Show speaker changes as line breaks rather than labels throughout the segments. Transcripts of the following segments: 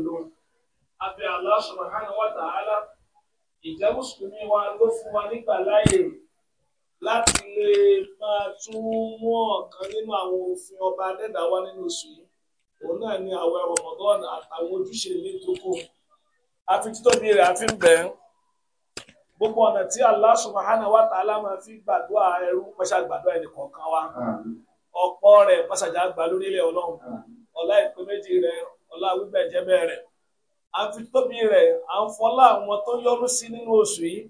òdodo abẹ Allah subhanahu wa ta'ala ìjẹ́ mùsùlùmí wa ló fún wa nígbà láàyè láti lè máa tún mú ọ̀kan nínú àwọn òfin ọba adẹ́dáwá nínú oṣù yìí òun náà ni àwẹ̀ Ramadan àtàwọn ojúṣe ní tókò àfi títóbi rẹ̀ àfi ń bẹ̀ ẹ́ gbogbo ọ̀nà tí Allah subhanahu wa ta'ala máa fi gbàdúrà ẹrú pẹ́ṣà gbàdúrà ẹnì kọ̀ọ̀kan wa ọ̀pọ̀ rẹ̀ pẹ́ṣàjà gbà lórílẹ̀ ọlọ́run ọ̀la ìpè méjì rẹ̀ ọlá wíbẹ̀ jẹ́ tóbi rẹ̀ à ń fọlá àwọn tó yọ́nú sí nínú oṣù yìí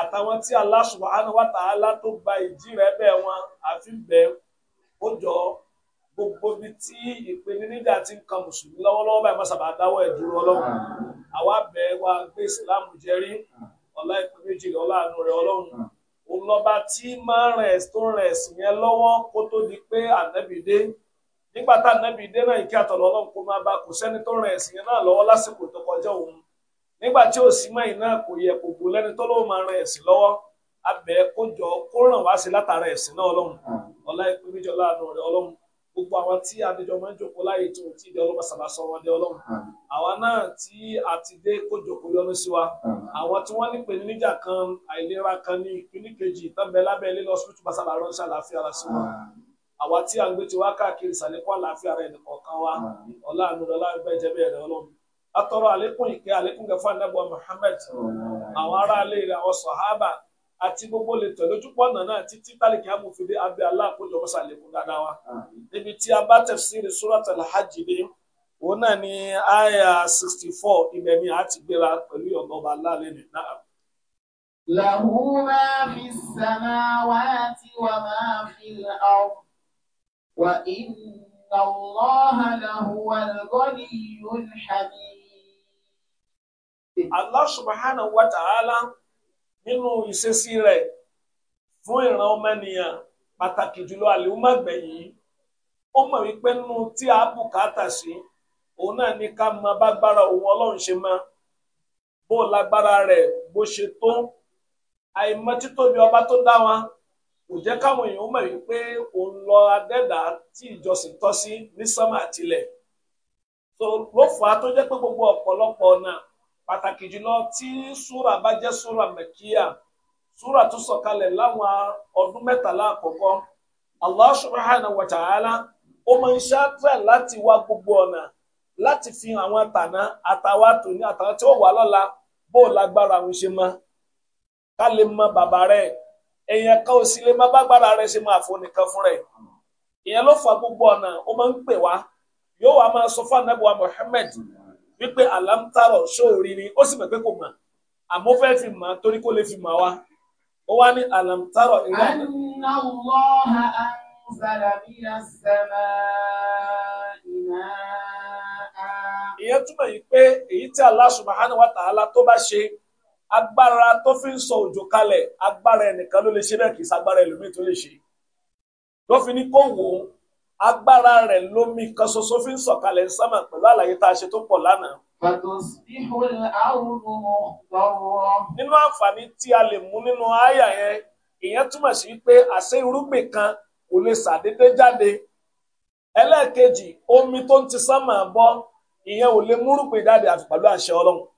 àtàwọn tí Allah subhanahu wa ta'ala tó gba ìdí rẹ̀ bẹ́ẹ̀ wọn àfi bẹ́ẹ̀ ó jọ gbogbo bíi tí ìpèníjà ti ń kan mùsùlùmí lọ́wọ́lọ́wọ́ báyìí mọ́sàbà dáwọ́ ẹ̀dúró ọlọ́run àwa bẹ̀ wá gbé ìsìláàmù jẹ́rí ọ̀la ìpín méjì ọ̀la àánú rẹ̀ ọlọ́run òun lọ́ba tí máa ń rẹ̀ tó rẹ̀ sí yẹn lọ́wọ́ kó tó di pé ànábìdé nígbà tá ànábì dé náà ìkí àtọ̀lọ́ ọlọ́run kó máa bá kò sẹ́ni tó ràn ẹ̀sìn yẹn náà lọ́wọ́ lásìkò tó kọjá òun nígbà tí ò sí mẹ́yìn náà kò yẹ kò gbó lẹ́ni tó lóun máa ràn ẹ̀sìn lọ́wọ́ abẹ kó jọ kó ràn wá sí látara ẹ̀sìn náà ọlọ́run ọlá ìpín níjọ láàánú rẹ ọlọ́run gbogbo àwọn tí adéjọ máa ń jókòó láyé tó ti di ọlọ́mọ sàlásọ wọn dé ọlọ́run àwa náà tí a ti dé kó jókòó sí wa àwọn tí wọ́n ní níjà kan àìlera kan ní ìpínlẹ̀ kejì tán bẹ lábẹ́ ilé lọ́sùn tó bá sábà ránṣẹ́ lásìkò àwa tí a ń gbé tí wá káàkiri ìsàlẹ̀kọ́ àlàáfíà rẹ̀ nìkọ̀ọ̀kan wa ọ̀làánú ọ̀làánú jẹ́bẹ̀ rẹ̀ ọlọ́run atọ́rọ̀ àlékún ìkẹ́ àlékún gẹ̀fà nàbọ̀ Muhammad àwọn ará alẹ́ rẹ̀ àwọn sọ̀hábà àti gbogbo lè tẹ̀lé ojúpọ̀ ọ̀nà náà títí tálíkì amòfinde abẹ́ aláàkójọ mọ́sá àlékún dáadáa wa níbi tí a bá tafsiri surat al-hajj òun náà ni aya sixty four ibẹ̀ ni a ti gbéra pẹ̀lú
وإن الله لهو الغني الحميد
Allah subhanahu wa ta'ala nínú ìṣesí rẹ̀ fún ìran ọmọnìyàn pàtàkì jùlọ àlèhùnmọ̀gbẹ̀ yìí ó mọ̀ wípé nínú tí a bùkátà sí òun náà ní ká mọ bágbára òun ọlọ́run ṣe mọ bó lágbára rẹ̀ bó ṣe tó àìmọ̀ títóbi ọba tó dá wọn kò jẹ́ káwọn èèyàn mọ̀ wípé òun lọ adẹ́dà tí ìjọsìn tọ́ sí ní sánmà àtilẹ̀ ló fà á tó jẹ́ pé gbogbo ọ̀pọ̀lọpọ̀ ọ̀nà pàtàkì jùlọ tí súrà bá jẹ́ súrà mẹ́kíyà súrà tó sọ̀kalẹ̀ láwọn ọdún mẹ́tàlá àkọ́kọ́ Allah subhanahu wa ta'ala ó máa ń ṣáàtúrà láti wá gbogbo ọ̀nà láti fi àwọn àtàná àtàwọn àtòní àtàwà tí ó wà lọ́la bó lágbára àwọn ṣe mọ ká lè mọ bàbá rẹ̀ èèyàn kan ò sì lè máa bá gbára rẹ̀ ṣe máa fonìkan fún rẹ̀ ìyẹn ló fa gbogbo ọ̀nà ó máa ń pè wá yóò wá máa sọ fún anábìwá Muhammad wípé alamtaro sóòrì ni ó sì mọ̀ pé kò mọ̀ àmọ́ fẹ́ fi mọ̀ torí kó lè fi mọ̀ wá ó wá ní alamtaro ìyẹn túmọ̀ yìí pé èyí tí agbára tó fi ń sọ òjò kalẹ̀ agbára ẹnìkan ló lè ṣe bẹ́ẹ̀ kì í sagbára ẹlòmíì tó lè ṣe ló fi ní kó wò ó agbára rẹ̀ lómi kan ṣoṣo fi ń sọ̀kalẹ̀ ń sámà pẹ̀lú àlàyé tá a ṣe tó pọ̀ lánàá. nínú àǹfààní tí a lè mú nínú àyà yẹn ìyẹn túmọ̀ sí pé àṣẹ irúgbìn kan kò lè ṣàdédé jáde ẹlẹ́ẹ̀kejì omi tó ń ti sámà bọ́ ìyẹn ò lè múrùpè jáde àfi pẹ̀lú àṣẹ ọlọ́run.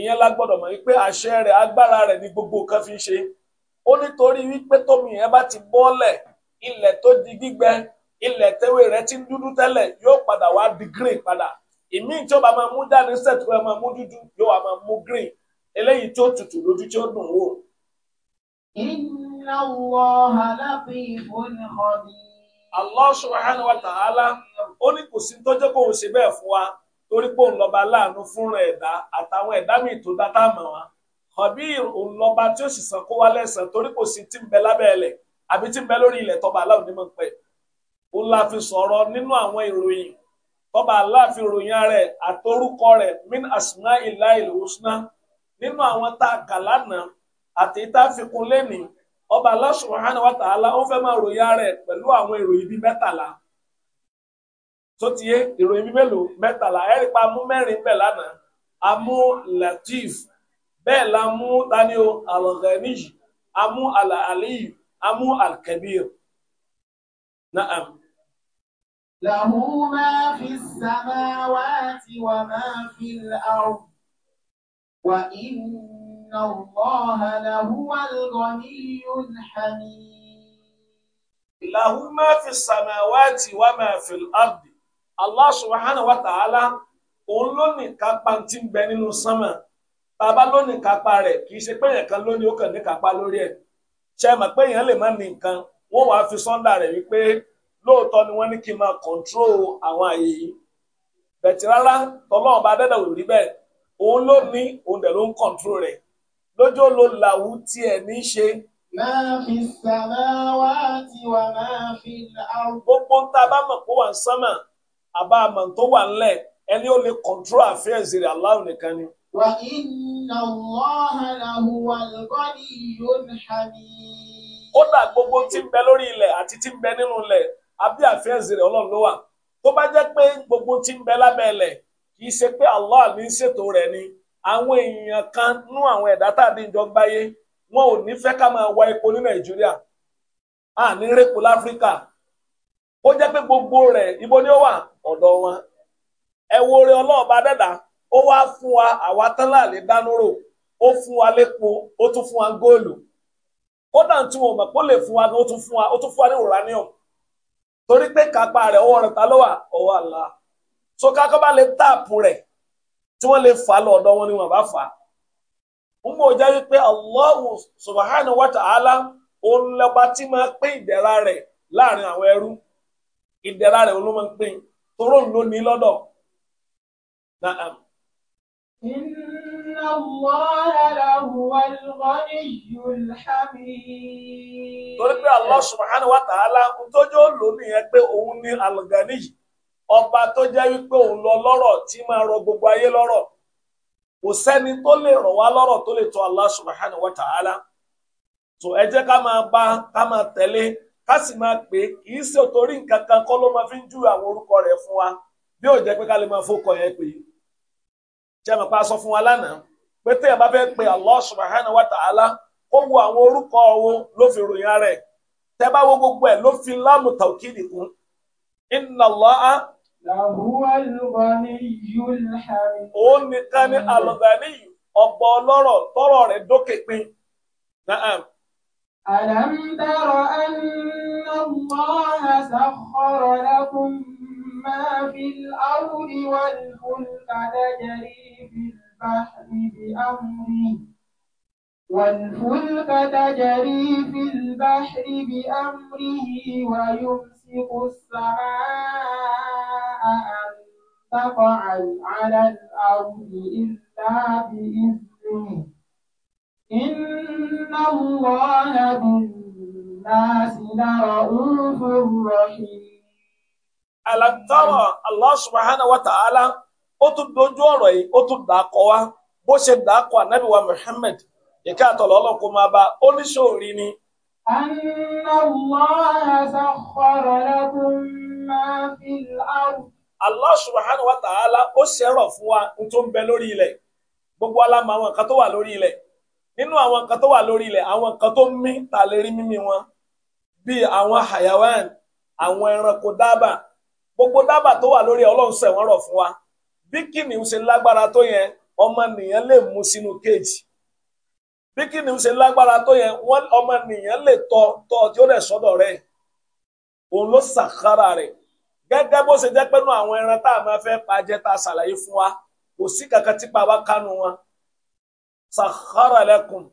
ìyẹn gbọdọ mọ wípé àṣẹ rẹ̀ agbára ni gbogbo kan fi ṣe ó nítorí wípé tómi yẹn bá ti bọ́ọ̀lẹ̀ ilẹ̀ tó di gbígbẹ ilẹ̀ tẹ́wé rẹ ti ń dúdú tẹ́lẹ̀ yóò padà wá di green padà ìmí tí ó bá máa mú dání sẹ̀tù ẹ̀ máa mú dúdú yóò wá máa mú green eléyìí tutù lójú tí ó dùn wò. ta'ala ó ní kò o ṣe bẹ́ẹ̀ fún wa. torí pé òun lọ́ba láàánú fúnra ẹ̀dá àtàwọn ẹ̀dá míì tó dá táàmù wọn kọ̀bí òun tí ó sì san kó wá lẹ́sàn torí kò sí tí ń bẹ lábẹ́ àbí tí ń bẹ lórí ilẹ̀ tọ́ba aláwọ̀ nímọ̀ pẹ́ la fi sọ̀rọ̀ nínú àwọn ìròyìn min asuna ilá nínú àwọn tá a lánàá àti tá fi ọba ó fẹ́ máa ròyìn rẹ̀ pẹ̀lú àwọn ìròyìn bíi tó ti yé ìròyìn bíbélò mẹ́tàlá ẹ̀rí pa mú mẹ́rin bẹ́ẹ̀ lánàá a mú latif bẹ́ẹ̀ la mú tani o a mú alaliyu a mú alkabir naam.
له ما في السماوات وما في الأرض وإن الله لهو الغني الحميد
له ما في السماوات وما في الأرض Allah subhanahu wa ta'ala òun ló ní kápá tí ń bẹ nínú sánmà bàbá ló ní kápá kì í ṣe pé èèyàn kan ló ní ó kàn ní kápá lórí ẹ̀ ṣe pé èèyàn lè má ní nǹkan wọ́n wàá fi sọ́ńdà rẹ̀ wípé lóòótọ́ ni wọ́n ní kí n máa kọ̀ǹtró àwọn àyè yìí rárá bá wò rí bẹ́ẹ̀ òun ló ní òun ló ń rẹ̀ làwù àbá àmọ̀ tó wà ńlẹ̀ ẹni ó lè control affairs rẹ̀ Allah nìkan ni.
wà inna Allaha lahuwal ghaniyyul hamid.
kódà gbogbo tí ń bẹ lórí ilẹ̀ àti tí ń bẹ nínú ilẹ̀ àbí affairs rẹ̀ ọlọ́run ló wà tó bá jẹ́ pé gbogbo tí ń bẹ lábẹ́ ilẹ̀ kì í ṣe pé Allah ní ṣètò rẹ̀ ni àwọn èèyàn kan nú àwọn ẹ̀dá tàbí ìjọba yé wọn ò ní fẹ́ ká máa wá epo ní Nàìjíríà à ní rẹ́pọ̀ o jẹ́ pé gbogbo rẹ̀ ibo ni ó wà ọ̀dọ̀ wọn ẹ wo dẹ́dà ó wá wa àwa tán láàlẹ́ dánúrò ó fún wa lépo ó tún fún wa góòlù kódà tí wọn mọ̀ pé lè fún wa ó tún fún wa ó tún fún wa ní uranium torí pé kápá rẹ̀ ọwọ́ rẹ̀ ta ló wà ọwọ́ àlá so kákọ́ bá lè táàpù rẹ̀ tí wọ́n lè fà lọ wọn ni wọ́n bá fà á ń bò jẹ́ wípé Allahu subhanahu wa ta'ala òun lọ́ba tí máa pín rẹ̀ láàrin ìdẹ̀ra rẹ̀ olómọ ń pín toró ń lò ní lọ́dọ̀. Inna Allaha lahuwal Torí pé Allah subhanahu wa ta'ala tójú ó lò nìyẹn pé òun ní al-Ghani ọba tó jẹ́ wípé òun lọ lọ́rọ̀ tí máa rọ gbogbo ayé lọ́rọ̀. Kò sẹ́ni tó lè rọ̀ wá lọ́rọ̀ tó lè tó Allah subhanahu wa ta'ala. Tó ẹ jẹ́ ká máa bá ká máa tẹ̀lé ká sì máa pè é kì í ṣe torí nǹkan kan kọ́ ló máa fi ń júwe àwọn orúkọ rẹ̀ fún wa bí ó jẹ́ pé ká lè máa fọkọ yẹn pè é pa sọ fún wa lánàá pé pe wa ó wo àwọn orúkọ wo ló fi ròyìn ara ẹ̀ tẹ́ bá wo gbogbo ẹ̀ ló fi láàmù tàwùkìdì kún inna Allaha.
làwùwal
òun nìkan ni al ọ̀pọ̀ ọlọ́rọ̀ tọ́rọ̀ rẹ̀ dókè ألم تر
أن الله سخر لكم ما في الأرض والفلك تجري في البحر بأمره والفلك تجري في البحر بأمره ويمسك السماء أن تقع على الأرض إلا بإذنه إن
الله بالناس لرؤوف رحيم ألم ترى الله سبحانه وتعالى ó tún dojú ọ̀rọ̀ yìí ó tún dà kọ wá bó ṣe dà kọ ànábì wa Muhammad ìka àtọ̀lọ́ ọlọ́kùn máa bá oníṣòrí ni.
أن الله سخر لكم
ما في الأرض. Allah subhanahu wa ta'ala ó ṣèrọ̀ fún wa tó ń bẹ lórí ilẹ̀ gbogbo alámọ̀ àwọn nǹkan tó wà lórí ilẹ̀ nínú àwọn nǹkan tó wà lórí ilẹ̀ àwọn nǹkan tó mí ta lè rí mímí wọn bíi àwọn hayawan àwọn ẹranko dábà gbogbo dábà tó wà lórí ọlọ́run sẹ̀ wọ́n rọ̀ fún wa bí kìnìún ṣe lágbára tó yẹn ọmọnìyàn lè mú sínú kéèjì bí kìnìún ṣe lágbára tó yẹn wọ́n ọmọnìyàn lè tọ́ tọ́ tí ó dẹ̀ sọ́dọ̀ rẹ̀ òun ló sàkárà rẹ̀ gẹ́gẹ́ bó ṣe jẹ́ pẹ́nu àwọn ẹran tá a máa fẹ́ pajẹ́ tá a ṣàlàyé fún wa kò sí kankan tí pa wá kánú wọn sàkárà lẹ́kùn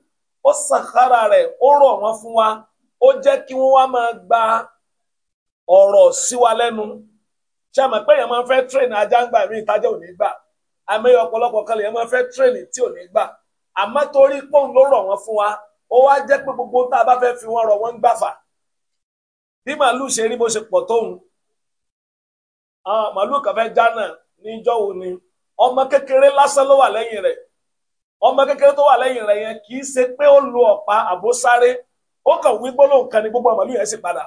ó sàkárà rẹ̀ ó rọ̀ wọ́n fún wa ó jẹ́ kí wọ́n wá máa gba ọ̀rọ̀ sí wa lẹ́nu ṣe àmọ́ pé èèyàn máa fẹ́ tírèènì ajá ń gbà mí ìtajà ò ní gbà àmọ́ ọ̀pọ̀lọpọ̀ kan lè máa fẹ́ tírèènì tí ò ní gbà àmọ́ torí pọ́ùn ló rọ̀ wọ́n fún wa ó wá jẹ́ pé gbogbo tá a bá fẹ́ fi wọ́n rọ̀ wọ́n ń gbàfà bí màálù ṣe rí bó ṣe pọ̀ tóun màálù kan fẹ́ jánà níjọ́ òní ọmọ kékeré lásán ló wà lẹ́yìn rẹ̀ ọmọ kékeré tó wà lẹ́yìn rẹ̀ yẹn kì í ṣe pé ó lo ọ̀pá àbósáré ó kàn wí gbólóhùn kan ní gbogbo àmàlú yẹn sì padà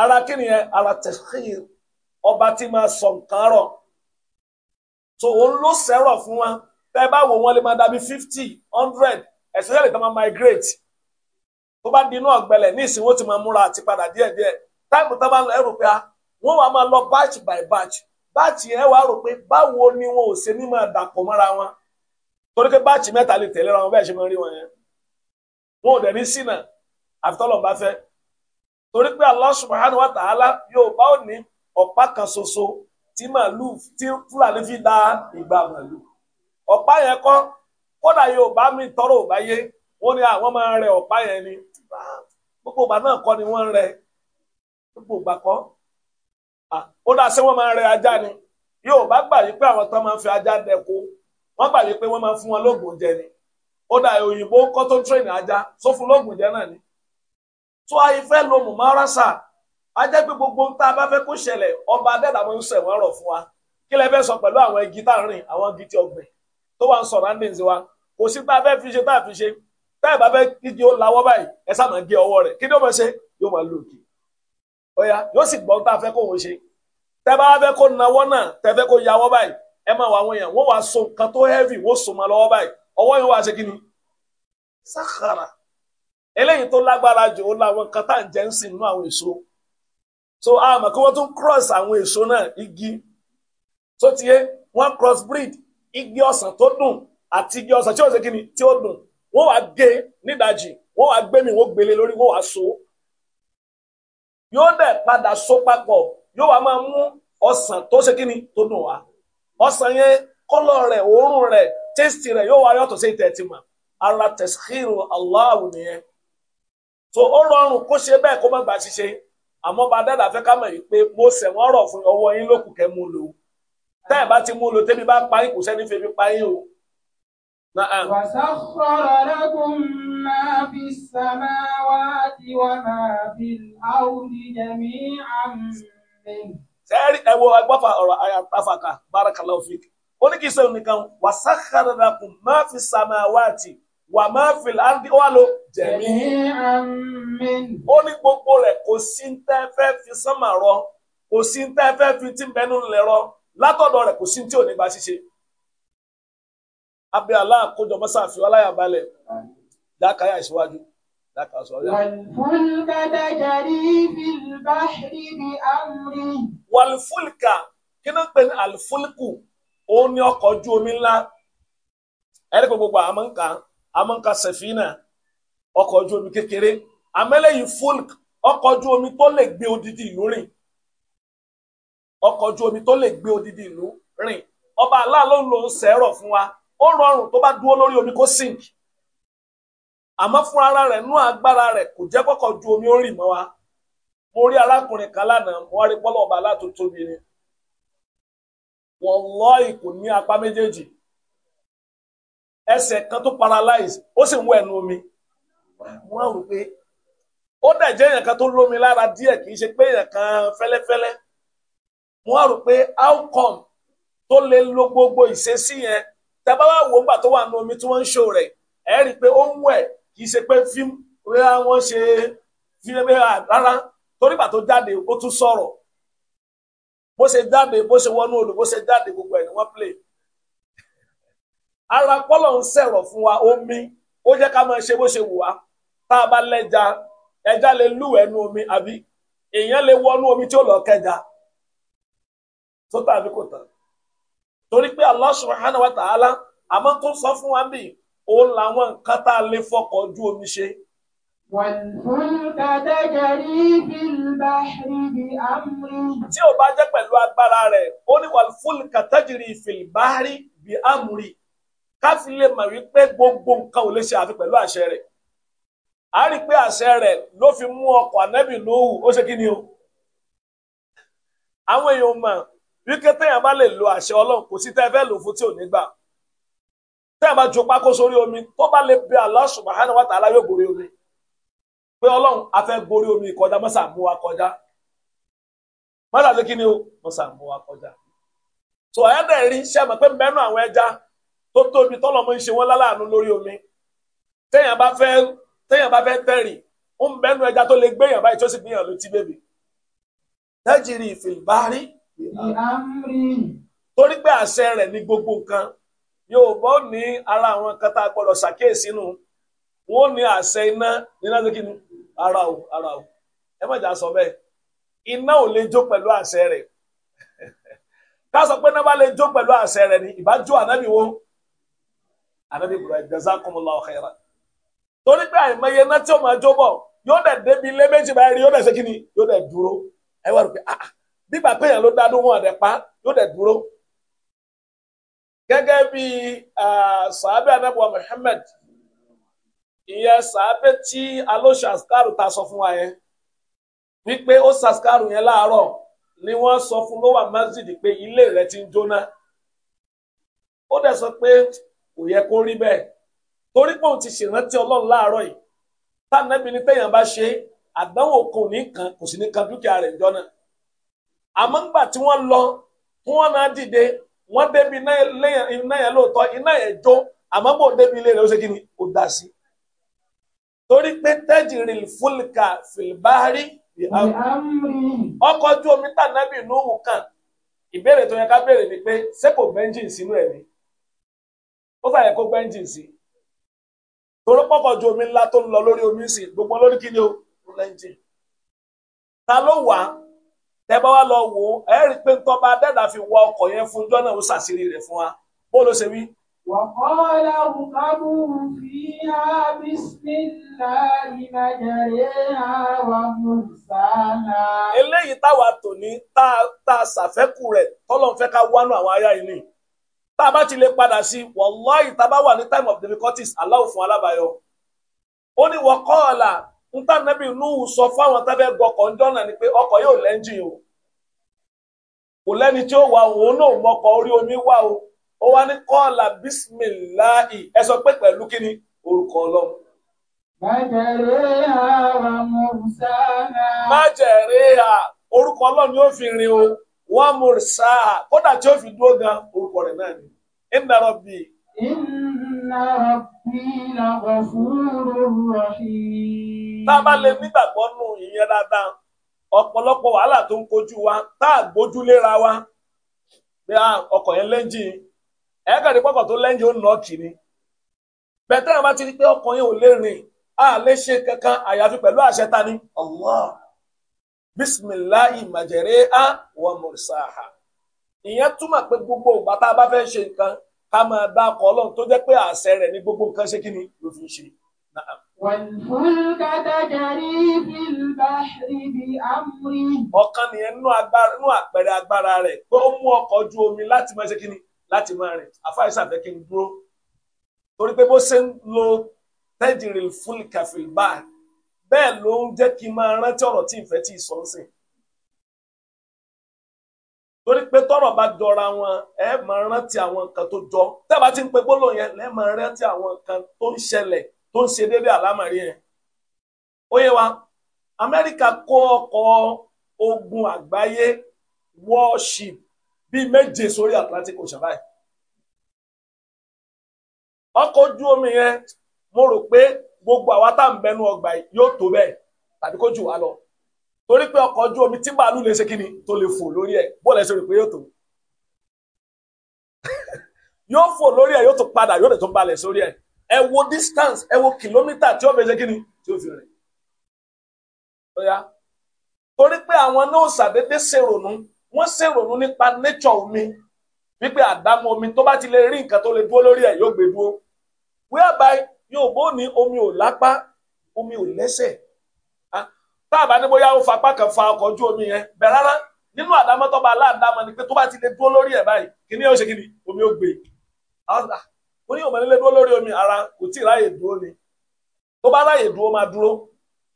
ara kí ni yẹn ara tẹ̀síìr ọba tí máa sọ nǹkan rọ̀ tó òun ló sẹ́rọ̀ fún wa tẹ́ bá wò wọ́n lè máa dàbí fifty hundred especially tó máa migrate tó bá dinú ọ̀gbẹlẹ̀ ní ìsìn wọ́n ti máa múra àti padà díẹ̀díẹ̀ táìpù tó bá ń lọ ẹrù pé a wọ́n wàá máa lọ batch by batch batch yẹn wàá rò pé báwo ni wọn ò ṣe ní máa dàpọ̀ mọ́ra wọn torí pé báàtì mẹ́ta lè tẹ̀lé ra wọn bẹ́ẹ̀ ṣe máa rí wọn yẹn wọn ò dẹ̀ ní sínà àfi tọ́lọ̀ bá fẹ́ torí pé yóò bá ò ní ọ̀pá kan ṣoṣo tí màlúù tí fúlàní fi da ìgbà kódà yóò mi tọrọ ò yé wọn ni àwọn máa rẹ ọ̀pá yẹn ni gbogbo ìgbà náà kọ́ ni wọ́n rẹ gbogbo ìgbà kọ́ ó dá wọn máa rẹ ajá ni yóò gbà yí pé àwọn tán máa ń fi wọ́n gbàgbé pé wọ́n máa fún wọn lóògùn jẹ ni ó dà òyìnbó kọ́ tó tírèènì ajá só fún lóògùn jẹ náà ni. tó ayé fẹ́ lo mùmárasà á jẹ́ pé gbogbo tá a bá fẹ́ kó ṣẹlẹ̀ ọba adẹ́dàmọ́ ń sẹ̀ wọ́n rọ̀ fún wa kí lẹ fẹ́ sọ pẹ̀lú àwọn igi tá à ń rìn àwọn igi tí ọgbìn tó wà ń surroundings wa kò sí tá a fẹ́ fi ṣe tá a fi ṣe tá ìbá fẹ́ kídi ó lawọ́ báyìí ẹ sáà máa gé ọwọ́ rẹ̀ kí ni ó máa ṣe yóò máa lò kí ọ̀ya yóò sì gbọ́n tá a fẹ́ kóhun ṣe tẹ́ bá fẹ́ kó nawọ́ náà tẹ́ fẹ́ kó yawọ́ báyìí ẹ máa wọ àwọn èèyàn wọ́n so nǹkan tó heavy wọ́n so mọ́ lọ́wọ́ báyìí ọwọ́ yẹn wàá ṣe kí ni sàkàrà eléyìí tó lágbára jù ó láwọn nǹkan tá à ń jẹ ń sìn nínú àwọn èso so àmọ́ kí wọ́n tún cross àwọn èso náà igi tó tiẹ̀ wọ́n cross breed igi ọsàn tó dùn àti igi ọsàn tí ó ṣe kí ni tí ó dùn wọ́n wàá gé nídajì wọ́n wàá gbé mi wọ́n gbélé lórí wọ́n wàá so yóò dẹ̀ padà so papọ̀ yóò wá máa mú ọsàn tó ṣe kí ni tó dùn wá. ọsàn yẹn kọ́lọ̀ rẹ̀ òórùn rẹ̀ tẹ́sítì rẹ̀ yóò wá yọ̀tọ̀ sí ìtẹ̀tì mà ara tẹ̀síkìrù aláwù nìyẹn so ó rọrùn kó ṣe bẹ́ẹ̀ kó má gbà ṣíṣe àmọ́ bá dáadáa fẹ́ ká mọ̀ yìí pé mo sẹ̀wọ́n rọ̀ fún ọwọ́ yín lókù kẹ́ mú lò tẹ́ ẹ̀ bá ti mú lò tẹ́bi bá parí kò sẹ́ni fèmí parí o. وسخر
لكم ما
sẹ́ẹ̀rì ẹ̀wọ̀ agbáfa ọ̀rọ̀ àyàtàfàkà barakallahu fik ó ní kí sẹ́wọ̀n nìkan wà fi samawati wà má fi láńdí wà ló jẹ̀mí. ó ní gbogbo rẹ̀ kò sí fi sánmà rọ kò sí ń tẹ́ fẹ́ fi tí bẹnu lẹ̀ rọ látọ̀dọ̀ rẹ̀ kò sí wàlfúlkà
tajari fil bahri bi amri.
wàlfúlkà kí ló ń pè ní àlfúlkù òun ni ọkọ̀ ojú omi ńlá ẹ̀rí gbogbo àmọ́ǹkà àmọ́ǹkà sẹ̀fínà ọkọ̀ ojú omi kékeré àmẹ́lẹ́yìn fúlk ọkọ̀ ojú omi tó lè gbé odidi ìlú rìn ọkọ̀ ojú omi tó lè gbé odidi ìlú rìn ọba aláàlóhùn ló ń sẹ́rọ̀ fún wa ó rọrùn tó bá dúró lórí omi kó sink àmọ́ fún ara rẹ̀ nú agbára rẹ̀ kò jẹ́ kọ́kọ́ ju omi ó rì mọ́ wa mo rí arákùnrin kan lánàá mo wá rí ọba ni wọ́n lọ́ ní apá méjèèjì ẹsẹ̀ kan tó paralyze ó sì ń wọ ẹnu omi wọ́n rò pé ó dẹ̀ jẹ́ èèyàn lómi lára díẹ̀ kì í ṣe pé èèyàn kan fẹ́lẹ́fẹ́lẹ́ wọ́n rò pé outcome tó lè lo gbogbo ìṣesí yẹn tẹ́ bá wà wà omi tí wọ́n ń ṣò rẹ̀ ẹ̀ rí i pé kì í ṣe pé fíìmù bóyá wọ́n ṣe fíìmù rárá torígbà tó jáde ó tún sọ̀rọ̀ bó ṣe jáde bó ṣe wọnú olù bó ṣe jáde gbogbo ẹ̀ ni wọ́n play ara pọ́lọ̀ ń sẹ̀rọ̀ fún wa omi ó jẹ́ ká máa ṣe bó ṣe wù wá tá a bá lẹ́ja ẹja lè lù ẹnu omi àbí èèyàn lè wọnú omi tí ó lọ kẹja tó tàbí kò tán torí pé Allah subhanahu wa ta'ala àmọ́ tó sọ fún wa bíi ó làwọn nǹkan tá a lè fọkọ̀ ojú omi ṣe. wàlúùkà tẹ́jẹ̀rí
fìlbà ríbi amúrí.
tí ò bá jẹ́ pẹ̀lú agbára rẹ̀ ó ní wàlúùkà tẹ́jẹ̀rí fìlbà ríbi amúrí ká fi lè mọ̀ wípé gbogbo nǹkan ò lè ṣe àfi pẹ̀lú àṣẹ rẹ̀ a rí i pé àṣẹ rẹ̀ ló fi mú ọkọ̀ ànẹ́bì lóhùn ó ṣe kí ni o àwọn èèyàn mọ̀ wípé bá lè lo àṣẹ ọlọ́run kò sí tẹ́ fẹ́ lò fún tí ò ní gbà tẹ́ ju omi tó bá lè bẹ Allah yóò borí omi pé ọlọ́run a fẹ́ borí omi kọja mọ́sà mú wa kọjá mọ́sà kí ni o mọ́sà mú wa kọjá tó ẹ̀ dẹ̀ rí iṣẹ́ mọ̀ pé mẹ́nu àwọn ẹja tó tóbi tọ́lọ́mọ ṣe wọ́n láláàánú lórí omi téèyàn bá fẹ́ téèyàn bá fẹ́ ó ń ẹja tó lè gbéyàn báyìí tó sì gbéyàn ló ti bèbè gbogbo nǹkan Yorùbá ní ara àwọn kan tá a gbọ́dọ̀ ṣàkíyèsí nù wọ́n ní àṣẹ iná níná ló kíni ara o ara o ẹ má jà sọ bẹ́ẹ̀ iná ò lè jó pẹ̀lú àṣẹ rẹ̀ ká sọ pé nábà lè jó pẹ̀lú àṣẹ rẹ̀ ni ìbá jó ànábì wo ànábì Ibrahim jazakumullahu khairan torí pé àìmọye iná tí ó máa jó bọ̀ yóò dẹ̀ débi ilé méjì báyìí rí yóò dẹ̀ ṣe kíni yóò dẹ̀ dúró ẹ wá rò pé ah, ah bíbà péyàn ló dá dúró wọn àdẹ̀ pa yóò dẹ̀ dúró gẹ́gẹ́ bí sàábẹ́ anábọ̀ Muhammad ìyẹn sàábẹ́ tí alóṣù àṣkárù ta sọ fún wa yẹn wípé ó ṣàṣkárù yẹn láàárọ̀ ni wọ́n sọ fún lówà masjid pé ilé rẹ̀ ti ń jóná ó dẹ̀ sọ pé kò yẹ kó rí bẹ́ẹ̀ torí pé òun ti ṣèrántí ọlọ́run láàárọ̀ yìí tánàbí ni téèyàn bá ṣe àdánwò kò ní kan kò sì ní kan dúkìá rẹ̀ jọ náà àmọ́ ńgbà tí wọ́n lọ wọ́n náà dìde wọ́n débi iná yẹn lóòótọ́ iná yẹn jó àmọ́ bò débi ilé rẹ̀ ó ṣe kí ni ó dá sí. torí pé tajril fulka fil bahri ọkọ̀ ojú omi tànàbì nùhù kan ìbéèrè tó yẹ ká béèrè ni pé ṣé kò bẹ́ńjìn sínú ẹ̀ ni ó fàyẹ kó bẹ́ńjìn sí torí pọ́kọ̀ ojú omi ńlá tó ń lọ lórí omi sí gbogbo lórí kí ni ó lẹ́ńjìn ta ló wà tẹ́ bá wá lọ wò ó ẹ rí i pé nǹkan bá dẹ́dà fi wọ ọkọ̀ yẹn fún ọjọ́ náà ó ṣàṣírí rẹ̀ fún wa bó ló ṣe wí.
وقال اركبوا فيها بسم الله مجريها ومرساها.
eléyìí táwa tò ní tá a ṣàfẹ́kù rẹ̀ tọ́lọ́ fẹ́ ká wánú àwọn ará yìí ni tá a bá ti lè padà sí wàláì tá a bá wà ní time of difficulties aláwọ̀ fún alábàáyọ. ó ní wọ́kọ́ọ̀là n tá Nuhu sọ fáwọn tábẹ́ gọkọ̀ ńjọ́ náà ni pé yóò o kò lẹ́ni tí ó wà òun náà mọkọ̀ orí omi wà o ó wá ní kọ́ọ̀là bísímìláì ẹ sọ pé pẹ̀lú ni orúkọ orúkọ fi rin o wà mùsàlá kódà tí ó fi dúró gan orúkọ rẹ̀ náà ni. ìnàrọ̀
tá
a bá lè nígbàgbọ́ nù ìyẹn dáadáa ọ̀pọ̀lọpọ̀ wàhálà tó ń kojú wa tá a gbójú léra wa bí a ọkọ̀ yẹn lẹ́ńjìn ẹ̀ẹ́kàdé pọ̀kọ̀ tó lẹ́ńjìn ó nà ọ́ kiri bẹ̀tẹ́ àwọn bá ti rí pé ọkọ̀ yẹn ò lè rìn a lè ṣe kankan àyàfi pẹ̀lú àṣẹ ta ni Allah bisimilahi majere a wa mursaha ìyẹn túmọ̀ pé gbogbo ìgbà tá a bá fẹ́ ṣe nǹkan ká máa dá ọkọ̀ ọlọ́run tó jẹ́ pé àṣẹ rẹ̀ ní gbogbo nǹkan ṣé kí ni ló fi ń ṣe. ọ̀kan nìyẹn nú agbára nú àpẹẹrẹ agbára rẹ̀ pé ó mú ọkọ̀ ojú omi láti máa ṣe kí ni láti máa rìn àfáìsà fẹ́ kí n dúró torí pé bó ṣe ń lo tẹ́jìrì fúlìkàfìlbà bẹ́ẹ̀ ló ń jẹ́ kí n máa rántí ọ̀rọ̀ tí ìfẹ́ tí ì sọ́nsìn torí pé tọrọ bá jọra wọn ẹ máa rántí àwọn nǹkan tó jọ tẹ́bà tí ń pe gbólóhùn yẹn lẹ́ máa rántí àwọn nǹkan tó ń ṣẹlẹ̀ tó ń ṣe déédéé àlámọ̀rí yẹn. ó yé wa amẹ́ríkà kó ọkọ̀ ogun àgbáyé warship bíi méje sórí atlantic ocean báyìí. ọkọ̀ ojú omi yẹn mo rò pé gbogbo àwa tá à ń bẹnu ọgbà yóò tó bẹ́ẹ̀ tàbí kó jù wá lọ. torí pé ọkọ̀ ojú omi tí bàálù lè ṣe kí ni tó lè fò lórí ẹ̀ bóòlù ẹ̀ṣẹ̀ rò pé yóò tó yóò fò lórí ẹ̀ yóò tó padà yóò lè tó balẹ̀ sórí ẹ̀ ẹ wo distance ẹ wo kìlómítà tí ó fi kí ni tí ó fi rìn lọ́yà torí pé àwọn náà ṣàdédé ṣèrònú wọ́n ṣèrònú nípa nature omi wípé àdámọ́ omi tó bá ti lè rí nǹkan tó lè dúró lórí ẹ̀ yóò gbé dúró wíwá báyìí yóò bó ní omi ò lápá omi ò lẹ́sẹ̀ táàbà ní bóyá ó fapá kan fa ọkọ̀ ojú omi yẹn bẹ̀ rárá nínú àdámọ́tọ́ba aláàdámọ́ ni pé tó bá ti lè dúró lórí ẹ̀ báyìí kí ni ó ṣe kí omi ó gbé ó ah, ní òmìnira dúró lórí omi ara kò tí ì ráyè dúró ni bá ráyè dúró máa dúró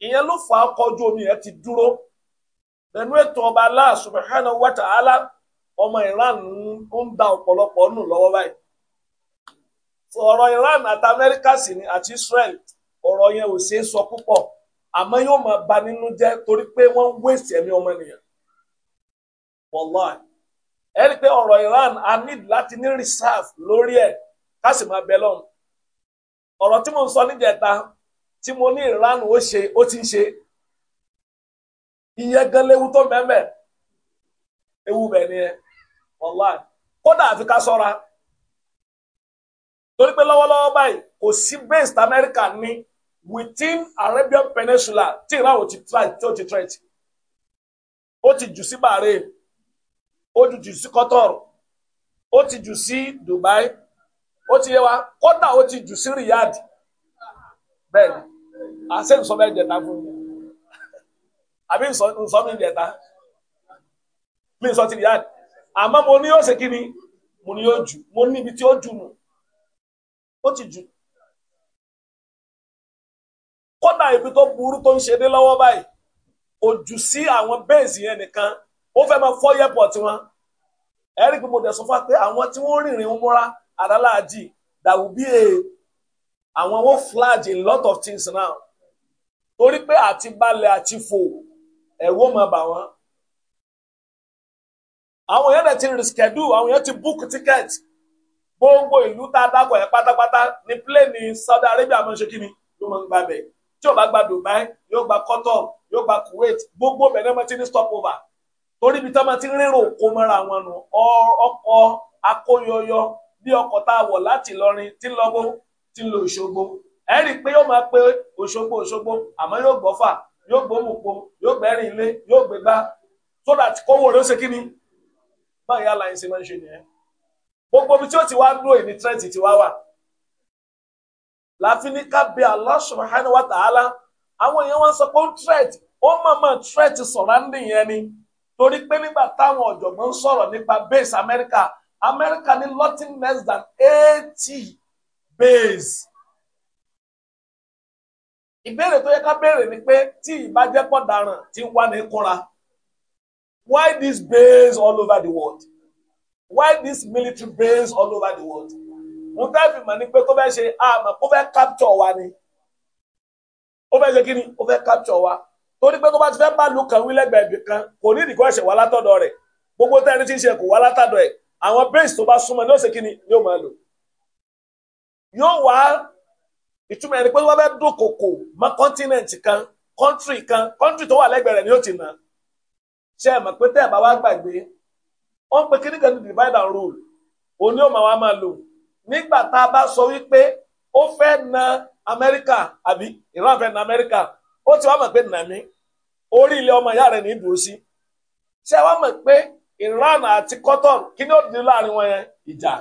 ìyẹn ló ọkọ̀ ojú omi yẹn ti dúró pẹ̀lú ètò ọba ọmọ Iran ń da ọ̀pọ̀lọpọ̀ nù lọ́wọ́ báyìí Iran àti Amẹ́ríkà sì ni àti Israel ọ̀rọ̀ sọ púpọ̀ àmọ́ yóò máa bà nínú jẹ́ torí pé wọ́n ń wéṣẹ̀ ẹ̀mí ọmọnìyàn wọláì ẹ rí i pé ọ̀rọ̀ Iran a need láti ní reserve lórí ẹ̀ ká sì máa bẹ lọ́run ọ̀rọ̀ tí mo ń sọ níjẹta tí mo ní Iran ó ṣe ó ti ń ṣe ìyẹn gan léwu tó mẹ́mẹ́ ewu bẹ̀ ni ẹ wọláì kódà àfi ká sọ́ra torí pé lọ́wọ́lọ́wọ́ báyìí kò sí base Amẹ́ríkà ní within Arabian Peninsula tí ìran ò ti try tí ó ti try tí ó ti jù sí Bahrain ó ti jù sí Qatar ó ti jù sí Dubai ó ti yé wa kódà ó ti jù sí Riyadh bẹ́ẹ̀ ni àṣẹ nsọmọ ẹjẹta fún mi àbí nsọmọ ẹjẹta mi nsọ ti Riyadh àmọ́ mo ní yóò ṣe kí ni mo ní yóò jù mo ní ibi tí ó jù nù ó ti jù kódà ibi tó burú tó ń ṣe dé lọ́wọ́ báyìí ojú sí àwọn bẹ́ẹ̀sì yẹn nìkan ó fẹ́ máa fọ́ yẹ́pọ̀tì wọn ẹ̀rí mo dẹ̀ sọ fún wa pé àwọn tí wọ́n rìnrìn ń múra àdáláàjì dàwù bí e àwọn wọ́n flag in lot of things now torí pé àti balẹ̀ àti fò ẹ̀wọ́ máa bà wọ́n àwọn yẹn dẹ̀ ti reschedule àwọn yẹn ti book ticket gbogbo ìlú tá a dákọ̀ yẹn pátápátá ní plane ní Saudi Arabia máa ni ló máa ń gbà bẹ́ẹ̀ tí ò bá gba Dubai yóò gba Qatar yóò gba Kuwait gbogbo bẹ̀rẹ̀ wọn ti ní stopover torí ibi tí wọn ti rérò kó mọ́ra wọn nù ọkọ̀ akóyọyọ bí ọkọ̀ tá a wọ̀ láti Ìlọrin tí ń lọ́gbó tí ń lo Òṣogbo ẹ rí i pé yóò máa pe Òṣogbo Òṣogbo àmọ́ yóò gbọ́fà yóò gbómùpo yóò gbẹ́rìn ilé yóò gbégbá so that kówó rẹ̀ ó ṣe kí ni báyìí aláìsí máa ń ṣe nìyẹn gbogbo ibi tí ó ti wá dúró ìní tírẹ́ǹtì ti wá wà láfíníkà bí Allah subhanahu wa awon àwọn èèyàn wọn sọ pé ó ń threat ó mọ̀mọ́ threat surrounding yẹn ni torí pé nígbà táwọn ọ̀jọ̀gbọ́n sọ̀rọ̀ nípa base America America ní nothing less than eighty base ìbéèrè tó yẹ ká béèrè ni pé tí ti ń wá ní why this base all over the world why this military base all over the world mo fẹ́ fi mọ̀ ní pé kó fẹ́ ṣe àmọ́ kó fẹ́ wa ni ó fẹ́ ṣe kí ni ó fẹ́ wa torí pé tó bá ti fẹ́ bá lu kan lẹ́gbẹ̀ẹ́ ibì kan kò ní ìdíkọ́ ẹ̀ṣẹ̀ wá látọ̀dọ̀ rẹ̀ gbogbo tẹ́ni tí ń ṣe kò wá látọ̀dọ̀ ẹ̀ àwọn base tó bá súnmọ́ ní ó ṣe ni yóò máa lò yóò wá ìtumọ̀ ẹni pé wọ́n fẹ́ dúnkòkò mọ́ continent kan country kan country tó wà lẹ́gbẹ̀ẹ́ rẹ̀ pe kíníkan ní divide and rule òun nígbà tá a bá sọ wípé ó fẹ́ na amẹ́ríkà àbí ìran fẹ́ na amẹ́ríkà ó ti wá mọ̀ pé nàmí orí ilé ọmọ ìyá rẹ̀ ní ìdúró sí ṣé wàá mọ̀ pé ìran àti Qatar kí ni ó di láàrin wọn yẹn ìjà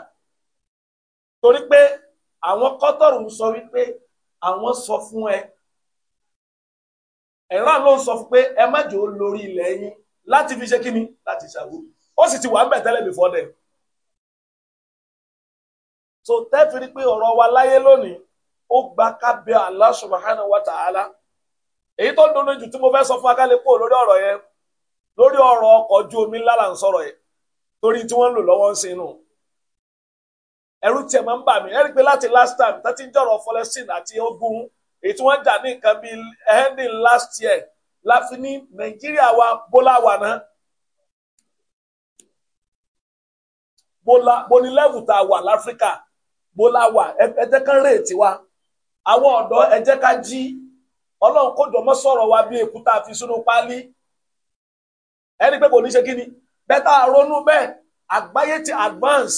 torí pé àwọn Qatar ń sọ wípé àwọn sọ fún ẹ ìran ló ń sọ fún pé ẹ má jò ó lórí ilẹ̀ yín láti fi ṣe kí ni láti ṣàwó ó sì ti wà ń bẹ̀ tẹ́lẹ̀ before then. so tẹ́ẹ̀fì pé ọ̀rọ̀ wa láyé lónìí ó gba kábẹ́ Allah subhanahu wa ta'ala èyí tó ń dunu jù tí mo fẹ́ sọ fún akálẹ̀ kó lórí ọ̀rọ̀ yẹn lórí ọ̀rọ̀ ọkọ̀ ojú omi ńlá là ń sọ̀rọ̀ yẹn torí tí wọ́n ń lò lọ́wọ́ ń sinú ẹ̀rù tiẹ̀ máa ń bà mí ẹ̀rí pé láti last time tẹ́tí ń jọ̀rọ̀ fọlẹ́sìn àti ogun èyí tí wọ́n jà ní nǹkan bíi ending last year la fi ní Nàìjíríà wa bólá wà náà bólá bóni lẹ́wù tá a wà láfíríkà bó la wà ẹ jẹ́ kán wa àwọn ọ̀dọ́ ẹ jẹ́ ká jí ọlọ́run kó jọmọ́ sọ̀rọ̀ wa bí èkúta fi sínú páálí ẹni pé kò ní ṣe kí ni ronú bẹ́ẹ̀ àgbáyé ti advance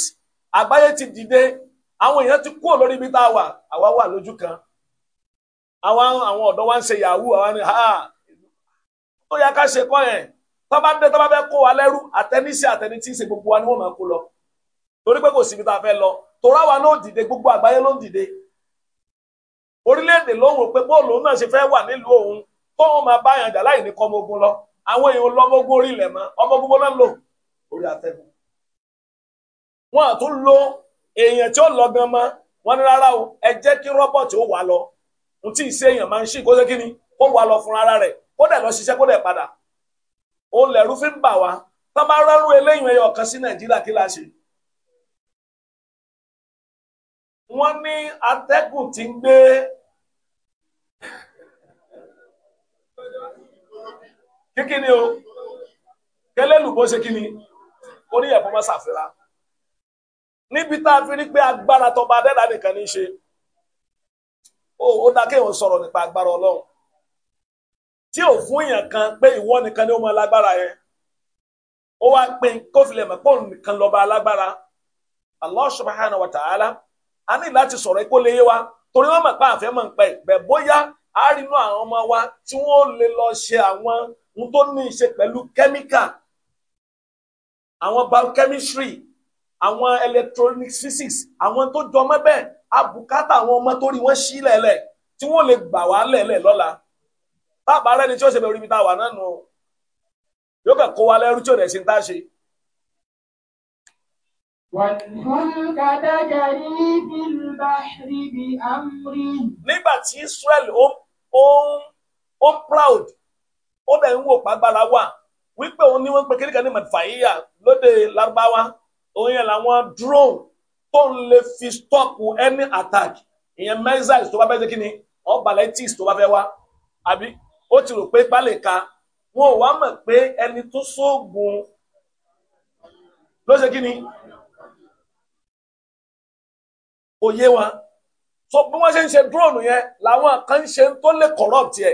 àgbáyé ti dìde àwọn èèyàn ti kúrò lórí ibi tá a wà àwa wà lójú kan àwọn àwọn ọ̀dọ́ wa ń ṣe yahoo àwa ni ha tó yẹ ká ṣe kọ́ yẹn tó bá dé tó bá fẹ́ kó wa lẹ́rú àtẹníṣẹ́ àtẹnití ṣe gbogbo wa ni wọ́n máa kó lọ torí pé kò síbi tá a fẹ́ lọ tora wa n'odide dìde gbogbo àgbáyé ló ń dìde orílẹ̀-èdè ló ń wò pé bóòlù náà ṣe fẹ́ wà nílùú òun tóun máa bá yànjà láì ní kọ́ ọmọ lọ àwọn èèyàn lọ ọmọ ogun orí ilẹ̀ mọ́ ọmọ ogun náà lò orí atẹ́gùn wọn lo èèyàn tí ó lọ gan o ẹ jẹ́ kí rọ́bọ̀tì ó wà lọ n tí ì èèyàn máa ń kó ara kó dẹ̀ lọ ṣiṣẹ́ kó dẹ̀ padà fi ń bà wá bá kan sí nàìjíríà kí wọ́n ní atẹ́gùn tí ń gbé kíkíni o kẹlẹ́lù bó ṣe kíni oníyẹ̀bù má ṣàfihàn níbi tá a fi rí pé agbára tọba adẹ́dá nìkan ní í ṣe ó dá kéèyàn sọ̀rọ̀ nípa agbára ọlọ́run tí ò fún èèyàn kan pé ìwọ nìkan ni ó mọ alágbára yẹn ó wá pín kófìlẹ̀ mọ̀ pé nìkan lọ́ba alágbára Allah subhanahu wa ta'ala a ní láti sọ̀rọ̀ kó lè yé wa torí wọ́n mọ̀ pé àfẹ́ mọ̀ ń pẹ́ ìpẹ́ bóyá a rí inú àwọn ọmọ wa tí wọ́n lè lọ ṣe àwọn ohun tó ní í ṣe pẹ̀lú kẹ́míkà àwọn biochemistry àwọn electronic physics àwọn tó jọ mọ́ bẹ́ẹ̀ abùkátà àwọn ọmọ tó rí wọ́n sí lẹ̀lẹ̀ tí wọ́n lè gbà wá lẹ̀lẹ̀ lọ́la tábà rẹ́ni tí ó ṣe bẹ̀rù ibi tá a wà náà nù yóò kàn kó wa lẹ́rú tí ò dẹ̀ ṣe ń tá a ṣe.
Nígbà
tí Israel ó ń ó proud ó bẹ̀ ń wò pàgbára wà wípé òun ni wọ́n ń pe kíríkà ní mẹ̀fàíyà lóde Lárúbáwá òun yẹn làwọn drone tó ń lè fi stop any attack ìyẹn missiles tó bá fẹ́ ṣe kí ni or ballistics tó bá fẹ́ wá àbí ó ti rò pé pálẹ̀ ka wọn ò wá mọ̀ pé ẹni tó sóògùn ló ṣe kí ni kò yé wọn so bí wọ́n ṣe ń ṣe drone yẹn làwọn kan ń ṣe tó lè corrupt yẹ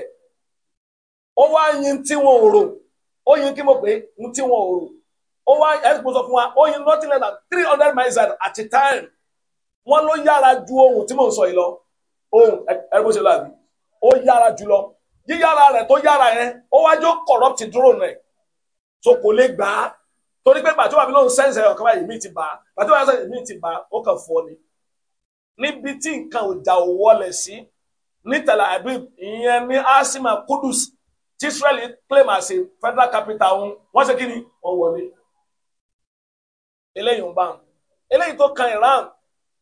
ó wá yin tí wọn ò rò ó yin kí mo pé ń tí wọn ò rò ó wá ẹ̀sìn sọ fún wa ó yin nothing less than three hundred miles at a time wọ́n ló yára ju ohun tí mò ń sọ yìí lọ ohun ẹ̀rọ ṣe láàbí ó yára jù lọ yíyára rẹ̀ tó yára yẹn ó wájú corrupt drone rẹ̀ so kò lè gbà á torí pé pàtó àbí ló ń sẹ́ǹsẹ̀ ọ̀kan báyìí mi ti bà á pàtó àbí ló ń sẹ́ǹsẹ̀ mi ti bà á ó kàn fọ́ ni níbi tí nǹkan ọjà ò wọlẹ̀ sí ní Tel Aviv ìyẹn ní asima Kudus tí Israeli claim as a federal capital wọn wọ́n ṣe kí ni wọ́n wọlé eléyìí ń bá wọn eléyìí tó kan Iran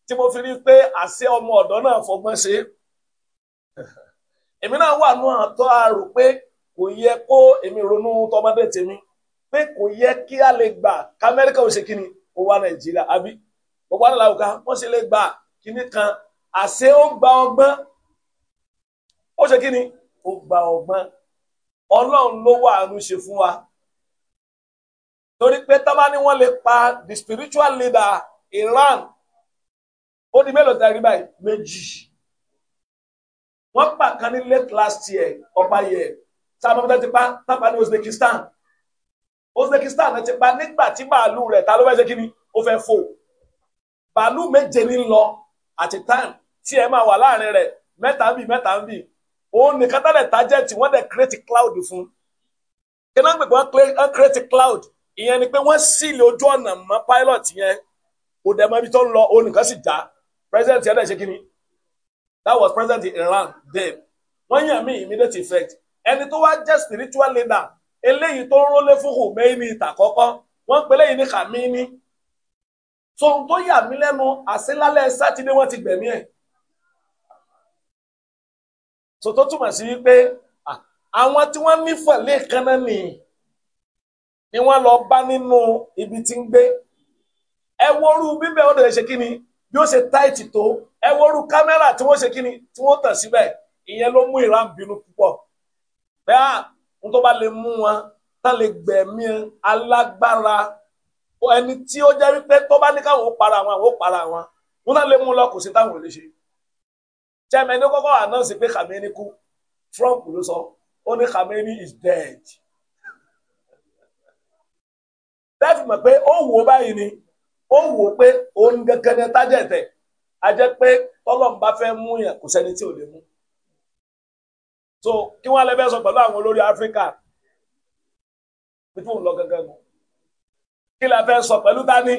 tí mo fi rí pé àṣẹ ọmọ ọ̀dọ́ náà fọgbọ́n ṣe èmi náà wà nù àtọ́ àrò pé kò yẹ kó èmi ronú tọmọdé tèmi pé kò yẹ kí a lè gbà k'Amẹ́ríkà ò ṣe kí ni ó wà Nàìjíríà àbí gbogbo àdàlà òkà wọ́n ṣe lè gbà kìíní kan àṣé ó gba ọgbọ́n ó ṣe kí ni ó gba ọgbọ́n ọlọ́run ló wà àánú ṣe fún wa torí pé tá bá wọ́n lè pa the spiritual leader Iran ó di mélòó tẹ́rí báyìí méjì wọ́n pa kan ní late last year ọba year sábà bí wọ́n ti pa tábà ní Uzbekistan Uzbekistan ti pa nígbà tí bàálù rẹ̀ ta ló fẹ́ ṣe kí ni ó fẹ́ fò bàálù méje ní lọ àti time tí ẹ máa wà láàrin rẹ̀ mẹ́ta ń bì mẹ́ta ń bì òun nìkan tẹ́lẹ̀ tajẹ́ tí wọ́n dẹ̀ create cloud fún kí náà ń create cloud ìyẹn ni pé wọ́n sílẹ̀ ojú ọ̀nà mọ́ pilot yẹn kò dẹ̀ mọ́ ibi tó ń lọ òun nìkan sì já president yẹn dẹ̀ ṣe kí that was president Iran then wọ́n yàn mí immediate effect ẹni tó wá jẹ́ spiritual leader eléyìí tó ń rólé fún Khomeini ìtàkọ́kọ́ wọ́n pe léyìí ní Khamini so ohun tó yà mí lẹ́nu àṣelálẹ́ sátidé wọ́n ti gbẹ̀mí ẹ̀ so túmọ̀ sí wípé àwọn tí wọ́n nífọ̀ lẹ́ẹ̀kan náà nìyí ni wọ́n lọ bá nínú ibi tí ń gbé ẹ worú bíbẹ̀ ó lè ṣe kí ni yóò ṣe táìtì tó ẹ worú kámẹ́rà tí wọ́n ṣe kí ni tí wọ́n tàn síbẹ̀ ìyẹn ló mú ìran bínú púpọ̀ bẹ́ẹ̀ n tó bá lè mú wọn tán lè gbẹ̀mí alágbára ẹni tí ó jẹ́ wípé tó bá ní káwọn ó para wọn àwọn ó para wọn wọn náà lè mú lọ kò sí táwọn ò lè ṣe chairman ló kọ́kọ́ announce pé Khamenei kú Trump ló sọ ó ní Khamenei is dead láti mọ̀ pé ó wò báyìí ni ó wò pé òun gẹ́gẹ́ tájẹ̀tẹ̀ a jẹ́ pé tọ́lọ́n bá fẹ́ mú yàn kò sẹ́ni tí ò lè mú so kí wọ́n lè fẹ́ sọ pẹ̀lú àwọn olórí Áfíríkà pé tí wọ́n lọ gángan nù kí la fẹ́ sọ pẹ̀lú tani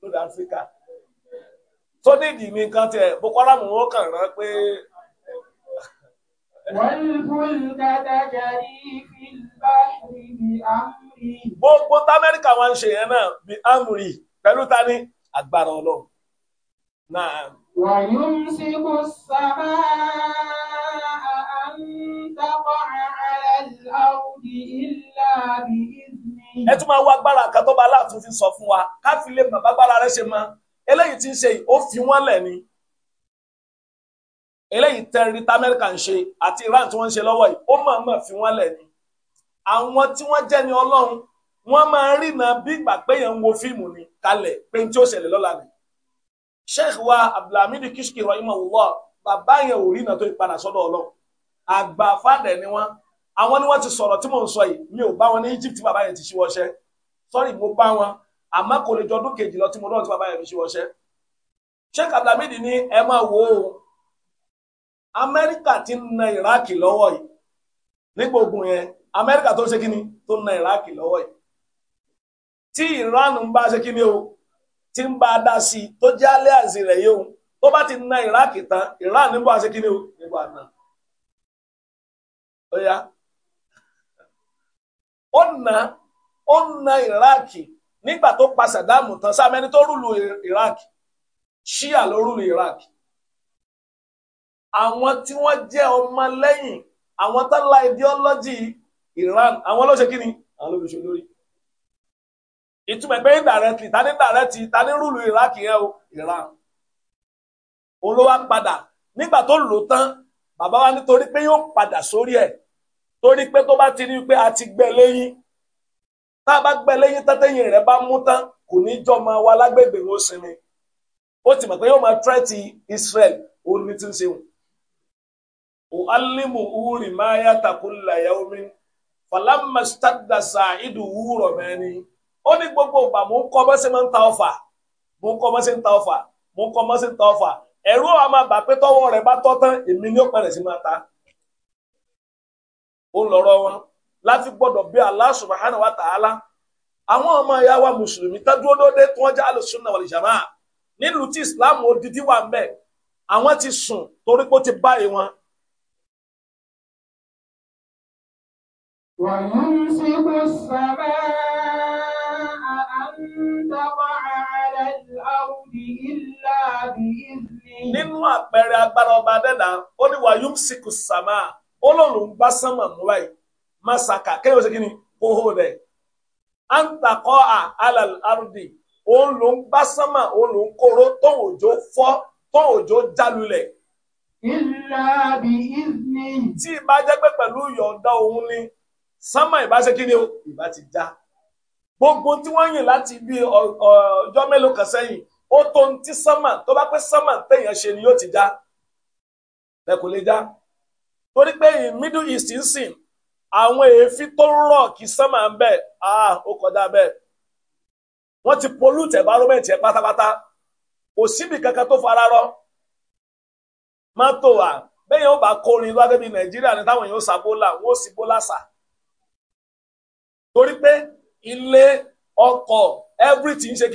lórí áfíríkà tó nídìí mi nǹkan tiẹ̀ boko haram wọn kàn rán pé. gbogbo tamẹ́ríkà wọn ń ṣe yẹn náà bí amúri pẹ̀lú tani agbára ọlọ́run
náà. wàyún sí kò sábà à ń dábọ̀
ìlà bìí ẹ tún máa wá agbára kan tó bá aláàfin fi sọ fún wa ká fi lè bàbá agbára rẹ ṣe mọ eléyìí tí ń ṣe ó fi wọ́n lẹ̀ ni eléyìí tẹ́rì tí amẹ́ríkà ń ṣe àti iran tí wọ́n ń ṣe lọ́wọ́ yìí ó mọ̀ọ́mọ̀ fi wọ́n lẹ̀ ni àwọn tí wọ́n jẹ́ ni ọlọ́run wọ́n máa rìnà bí ìgbà péyàn ń wo fíìmù ni kalẹ̀ pé tí ó ṣẹlẹ̀ lọ́la ni sheikh wa abdulhamid kishki rahimahullah bàbá yẹn ò rìnà tó ìpadà sọ́dọ̀ ọlọ́run àgbà fàdẹ̀ ni wọ́n àwọn ni wọ́n ti sọ̀rọ̀ tí mò ń sọ yìí mi ò bá wọn ní Egypt bàbá yẹn ti ṣíwọ́ ṣẹ́ sọ́rí mo bá wọn àmọ́ kò lè jọdún kejì lọ tí mo lọ́ọ̀ tí bàbá yẹn fi ṣíwọ́ ṣẹ́ Sheikh Abdulhamid ní ẹ máa wo Amẹ́ríkà ti ń na Iraq lọ́wọ́ yìí nípa ogun yẹn Amẹ́ríkà tó ń ṣe kí ni tó ń na Iraq lọ́wọ́ yìí tí Iran ń bá ṣe kí ni o ti ń bá a dá sí i tó jẹ́ alẹ́ àzì rẹ̀ yìí o tó bá ti na Iraq tán Iran níbo àṣekí ni o níbo àná ó na ó na Iraq nígbà tó pa Saddam tán sáàmẹ́ni tó rúlu Iraq Shia ló rúlu Iraq àwọn tí wọ́n jẹ́ ọmọ lẹ́yìn àwọn tó la ideology Iran àwọn ló ṣe kí ni àwọn ló fi ṣe lórí ìtumọ̀ pé indirectly ta indirectly ta rúlu Iraq yẹn o Iran òun ló wá padà nígbà tó lò tán bàbá wa nítorí pé yóò padà sórí ẹ̀ torí pé tó bá ti rí pé a ti gbẹ lẹ́yìn tá a bá gbẹ lẹ́yìn tẹ́tẹ́yìn rẹ̀ bá mú tán kò ní jọ máa wá lágbègbè wọn sinmi ó ti mọ̀ pé yóò máa try ti Israel òun ní ti ń sehun. o alimu uri máa yá takunla yahoo mi falama stadda saidu wúrọ̀ mẹ́ni ó ní gbogbo ìgbà mò ń kọ́ mọ́sí ṣe máa ń ta ọfà mò ń kọ́ bó ṣe ń ta ọfà mò ń kọ́ bó ṣe ń ta ọfà ẹ̀rú àwọn àbàpẹ́tọ́wọ́ rẹ̀ bá tọ́ tán èmi ni ó pẹ̀lẹ́ sí máa ta. ó ń lọ́rọ̀ wọn láti gbọ́dọ̀ bí Allah subhanahu wa ta'ala àwọn ọmọ ìyá wa mùsùlùmí tẹ́dúró tí wọ́n já al-sunnah wal nílùú tí islam odidi wà mbẹ àwọn ti sùn torí pé ó ti báyìí wọn.
ويمسك السماء أن تقع على الأرض إلا بإذنه.
nínú àpẹẹrẹ agbára ọba dẹ́dà ó ní wàyúmsíkù sàmáà ó lóun ló ń gbá sánmà mú báyìí masaka kéèyàn ṣe kí ni kó hó rẹ̀ antakọ́ à alal ardi òun ló ń gbá sánmà òun ló ń kóró tó òjò fọ́ tó òjò jálulẹ̀. ìlà bí ìní. tí ìbá jẹ́ pé pẹ̀lú yọ̀ǹda òun ni sánmà ìbá ṣe kí ni o ìbá ti já gbogbo tí wọ́n yìn láti bí ọjọ́ mélòó kan sẹ́yìn ó tó ń tí sánmà tó bá pé sánmà téèyàn ṣe ni yóò ti já ẹ kò lè já. torí pé in middle east ń sìn àwọn èéfín tó ń rọ̀ kì í sánmà ń bẹ̀ ah ó kọjá bẹ́ẹ̀ wọ́n ti pollute environment yẹn pátápátá kò síbi kankan tó fara rọ mọ́tò wa bẹ́ẹ̀ yẹn bá kórin lọ́dẹ́ bíi nàìjíríà ní táwọn èèyàn ó sàbólà wọ́n ó sì torí pé ilé ọkọ̀ everything ti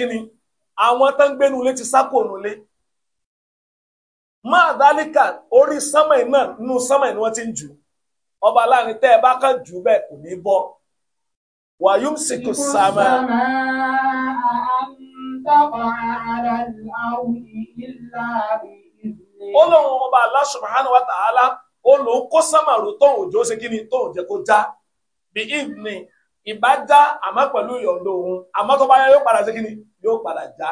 máa dálíkà orí sánmà iná nínú sánmà ni wọ́n ti ń jù ọba láàrin tẹ́ ẹ bá kàn jù bẹ́ẹ̀ kò ní bọ wàyúm sìkù sàmà. ó lóun ọba Allah subhanahu wa ta'ala ó lóun kó sánmà rò tóun òjò ṣe kí ni kó já bí ìbá já òun tó bá yá yóò padà ṣe kí ni yóò padà já.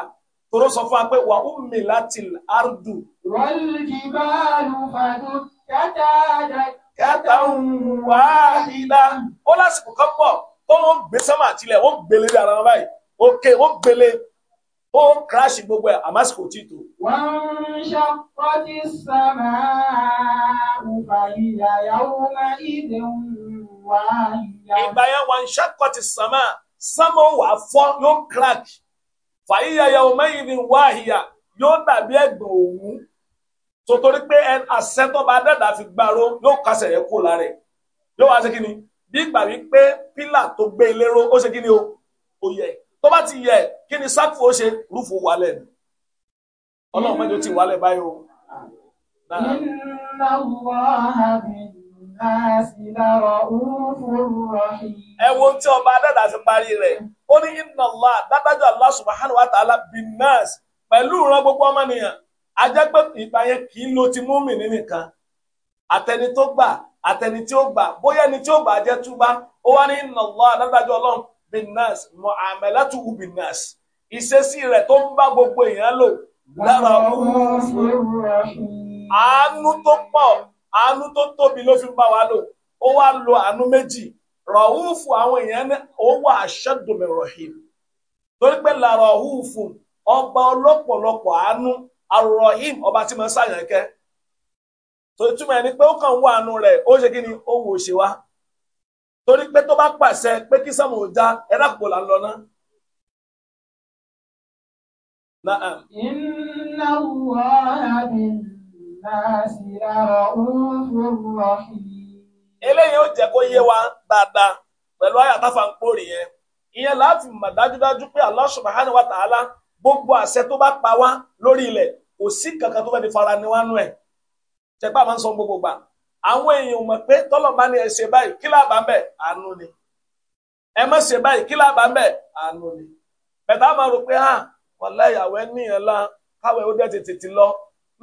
toro sọ fún wa pé wà ó mi láti ardu. wal-jibalu fadukkata kata wahida. ó lásìkò kan pọ̀ tó ń gbé sọ́mà àtìlẹ̀ ó ń gbélé dára wọn báyìí òkè ó ń gbélé ó ń kíráṣì gbogbo ẹ̀ àmásìkò tí wọ́n
ń ṣàkọ́tì sàmà òfàyà yàwó máa ìdè wà.
ìgbà yẹn wọ́n ń ṣàkọ́tì sàmà sàmà wà fọ́ yóò kíráàkì fàyíyàyà ọmọyìnbí wáhìyà yóò dàbí ẹ̀gbọ̀n òwú tó torí pé àṣẹ tó bá dàda fi gbàró yóò kásẹ̀ yẹ kó lára ẹ̀ yóò wá ṣe kí ni bí ìgbà wípé pílà tó gbé ilé e ró ó ṣe o ó yẹ tó bá ti yẹ kí ni sáfù ó ṣe rúfù wálẹ̀ ni ọlọ́run mẹ́jọ ti wálẹ̀ báyìí o. ẹ wo tí ọba dàda fi parí rẹ̀. ó ní inna Allah dádájọ́ Allah subhanahu wa ta'ala bin pẹ̀lú gbogbo ọmọnìyàn a jẹ́ pé kì í lo ti mùmínì nìkan àtẹni tó gbà àtẹni tí ó gbà bóyá ẹni tí ó gbà jẹ́ túbá ó wá ní Allah dádájọ́ ọlọ́run bin nas mu'amalatuhu bin nas ìṣesí rẹ̀ tó ń bá gbogbo èèyàn lò lára àánú tó pọ̀ àánú wa lò ó wá rọ̀húfù àwọn èèyàn owó àṣẹ́dùnmí torí pé la rọ̀húfù ọba ọlọ́pọ̀lọpọ̀ àánú arọ̀hìm ọba tí mo torí túmọ̀ ẹni pé ó kàn wá àánú rẹ ó ṣe kí ni ṣe wá torí pé tó bá pàṣẹ pé kí ò já kò là ń lọ eléyìí ó jẹ́ kó yé wa dáadáa pẹ̀lú àyàtáfà ń pòrè yẹn ìyẹn láti mọ̀ dájúdájú pé Allah subhanahu wa gbogbo àṣẹ tó bá pa wá lórí ilẹ̀ kò sí kankan tó fẹ́ fi fara ni wá nú ẹ̀ tẹ́gbà máa ń sọ gbogbo gbà àwọn èèyàn mọ̀ pé tọ́lọ̀ bá ní ẹ ṣe báyìí kí láàbà ń àánú ni ẹ má ṣe báyìí kí láàbà ń lọ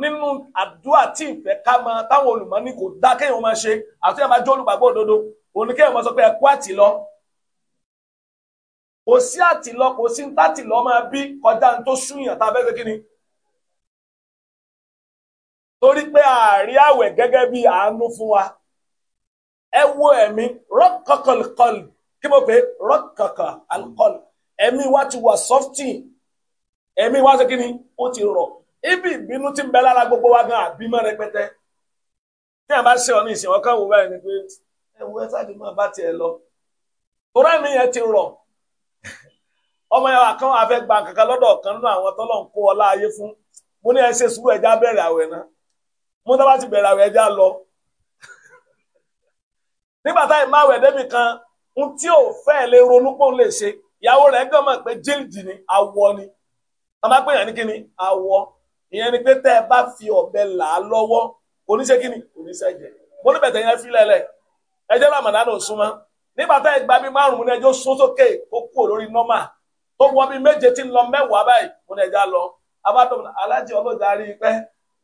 nínú àdúrà tí ìfẹ́ ká máa táwọn olùmọ̀ ní kò dá kéèyàn máa ṣe àti ẹ̀ máa jó olùgbàgbọ́ òdodo òní kéèyàn máa sọ pé ẹ kú àtìlọ kò sí àtìlọ kò sí ń tàtìlọ máa bí kọjá ní tó súnyàn tá a fẹ́ fẹ́ kí ni torí pé àárí àwẹ̀ gẹ́gẹ́ bí àánú fún wa ẹ wo ẹ̀mí rọ́kọ̀kọ̀lù kí mo pè é rọ́kọ̀kọ̀ alcohol ẹ̀mí wa ti wà sọ́fìtì ẹ̀mí wa ṣe kí ni ó ti rọ̀ ibi ìbínú ti ń bẹ gbogbo wa gan àbímọ rẹpẹtẹ tí a bá ṣe ọ ní ìsìn ọkàn wò báyìí ni pé ẹwọ ẹ sáà ti bá lọ ti rọ ọmọ yẹn wà afẹ gba kankan lọdọ kan nínú àwọn tọlọ ń kó ọlá ayé fún mo ní ẹ ṣe sùúrù ẹja náà mo ti ẹja lọ nígbà táyì kan n tí ò fẹ́ lè ronú lè ṣe ìyàwó rẹ̀ mọ̀ ni awọ ni tàbá pé yàn ní awọ. ìyẹn ni pé tẹ́ ẹ bá fi ọ̀bẹ là á lọ́wọ́ oníṣẹ́ kí ni oníṣẹ́ jẹ mo ní bẹ̀tẹ̀ yẹn filẹ̀ lẹ̀ ẹ jẹ́ ramadan ò súnmọ́ nígbà tá ẹ gba bí márùn-ún ní ẹjọ́ sún sókè ó kúrò lórí nọ́mà tó wọ bí méje tí ń lọ mẹ́wàá báyìí mo ní ẹja lọ abádọ́mọ alájẹ ọlọ́jà rí i pẹ́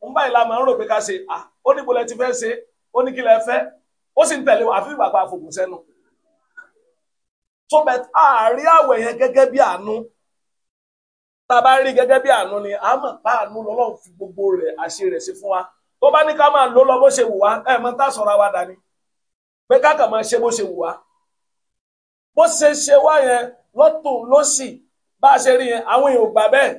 ń báyìí la máa ń rò pé ká ṣe à ó ní bolẹ̀ ti fẹ́ ṣe ó ní kí lẹ fẹ́ ó sì ń tẹ̀lé àfi ìgbà pa sẹ́nu. tó bẹ̀ àárí àwẹ̀ yẹn gẹ́gẹ́ bí àánú tá a bá rí gẹ́gẹ́ bí àánú ni a mọ̀ pa àánú lọ́lọ́run fi gbogbo rẹ̀ àṣẹ rẹ̀ sí fún wa tó bá ní ká máa lò lọ bó ṣe wù wá ẹ mọ tá a sọ̀rọ̀ wa dání pé ká kàn máa ṣe bó ṣe wù wá bó ṣe ṣe wá yẹn lọ́tùn lósì bá a ṣe rí yẹn àwọn èèyàn gbà bẹ́ẹ̀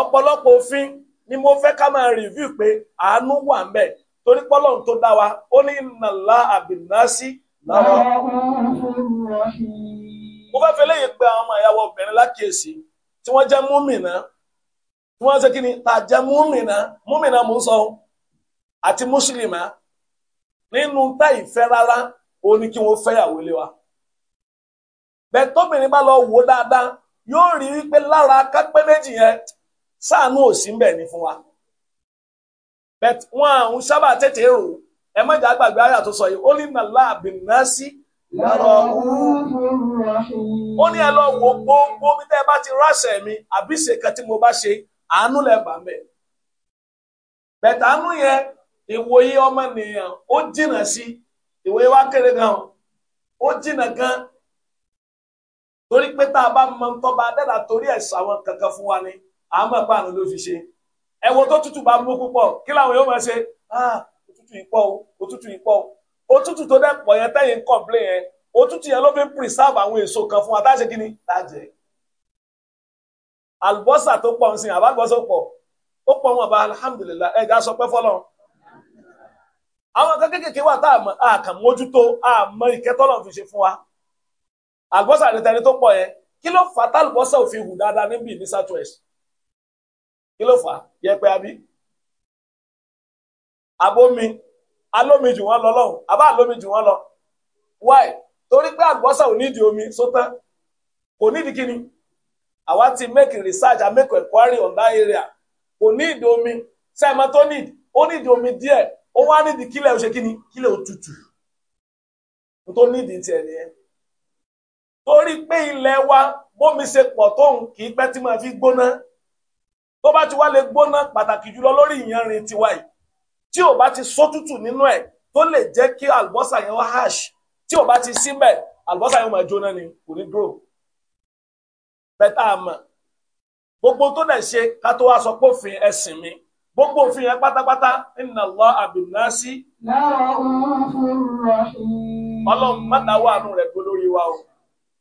ọ̀pọ̀lọpọ̀ òfin ni mo fẹ́ ká máa rìvíw pé àánú wà ń bẹ̀ torí pọ́lọ́run tó dá wa ó ní nàlá àbìnásí láwọn. mo fẹ́ fẹ́ lẹ́yìn pé àwọn ọmọ ìyàwó obìnrin lákèésí tí wọ́n jẹ́ múmìnà tí wọ́n ṣe kí ni tá a jẹ́ múmìnà múmìnà mò àti mùsùlùmá nínú tá ìfẹ́ rárá o ní kí wọ́n fẹ́yàwó lé wa tóbìnrin bá dáadáa yóò rí pé lára kápẹ́ méjì yẹn sáànù òsì ń ni fún wa wọn àwọn sábà tètè rò ẹ sọ yìí ó ní nàlá ó ní ẹ lọ wo gbogbo bí tẹ́ ẹ bá ti ráṣẹ̀ mi àbí ṣèkan tí mo bá ṣe àánú lẹ bá mẹ bẹtàánú yẹn ìwòye ọmọnìyàn ó jìnnà sí ìwòye wa kéré gan ó jìnnà gan torí pé tá a bá mọ tọba dáadáa torí ẹ̀sà wọn kankan fún wa ni àmọ́ ìpààrọ̀ ló fi ṣe ẹ̀wọ̀n tó tútù bá mú púpọ̀ kí làwọn yóò máa ṣe ah òtútù yìí pọ̀ òtútù yìí pọ̀ òtútù tó dẹ́pọ̀ yẹn tẹ́yìn ń complain yẹn òtútù yẹn ló fi ń preserve àwọn èso kan fún wa tá a ṣe kí ni tá a jẹ àlùbọ́sà tó pọ̀ ń sìn àbálùbọ́sà pọ̀ ó pọ̀ wọn bá alhamdulillah ẹ̀ já sọ pé fọlọ́n àwọn nǹkan kéékèèké wà tá a kàn mójútó a mọ ìkẹ́tọ́lọ̀ fi ṣe fún wa àlùbọ́sà rẹ̀ tẹni tó pọ̀ yẹn kí ló fà tá àlùbọ́sà ò hù dáadáa níbí ní southwest kí abomi alómi jù wọ́n lọ lọ́hùn àbá alómi jù wọ́n lọ why torí pé àlùbọ́sà ò nídìí omi sótán kò nídìí kíni àwa ti make research and make inquiry on that area kò nídìí omi sẹ́ẹ̀mọ́ tó nídìí ó nídìí omi díẹ̀ ó wá nídìí kílẹ̀ ó ṣe kíni kílẹ̀ ó tutù tó nídìí tiẹ̀ nìyẹn torí pé ilẹ̀ wa bómi ṣe pọ̀ tóun kì í pẹ́ tí máa fi gbóná tó bá ti wá lè gbóná pàtàkì jùlọ lórí ìyanrìn tiwa yìí tí ò bá ti sótútù nínú ẹ̀ tó lè jẹ́ kí àlùbọ́sà yẹn wá hash tí ò bá ti síbẹ̀ àlùbọ́sà yẹn máa jóná ni kò ní dúró bẹ́tà àmọ́ gbogbo tó dẹ̀ ṣe ká tó wá sọ pé òfin ẹ̀sìn mi gbogbo òfin yẹn pátápátá inna Allaha bin nasi. ọlọ́run mọ́tàwọ́ àánú rẹ̀ gbó lórí wa o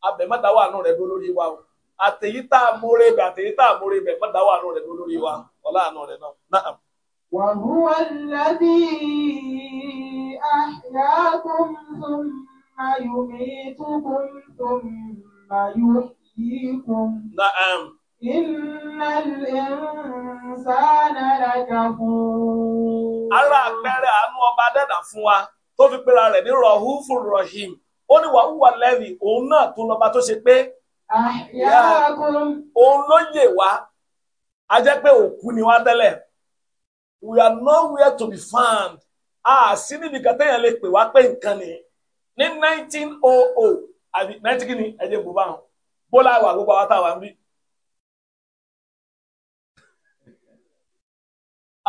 abẹ mọ́tàwọ́ àánú rẹ̀ gbó lórí wa o àtẹ̀yí tá a mórè bẹ̀ àtẹ̀yí tá rẹ̀ gbó lórí wa ọlá rẹ̀ náà.
وهو الذي أحياكم ثم يميتكم ثم يحييكم نعم إن الإنسان لكفور
ara àpẹẹrẹ àánú ọba dẹ́dà fún wa tó fi pera rẹ̀ ní rọ̀húfù rọ̀hìm ó ní wàhùwà lẹ́rìí òun náà tó lọ́ba tó ṣe pé òun ló yè wá a jẹ́ pé òkú ni wá tẹ́lẹ̀ we are nowhere to be found a ah, sí níbi téèyàn lè pè wá pé nǹkan ni ní nineteen oh oh àbí nineteen kìíní ẹ̀jẹ̀ bò bá wọn bólá wà gbogbo a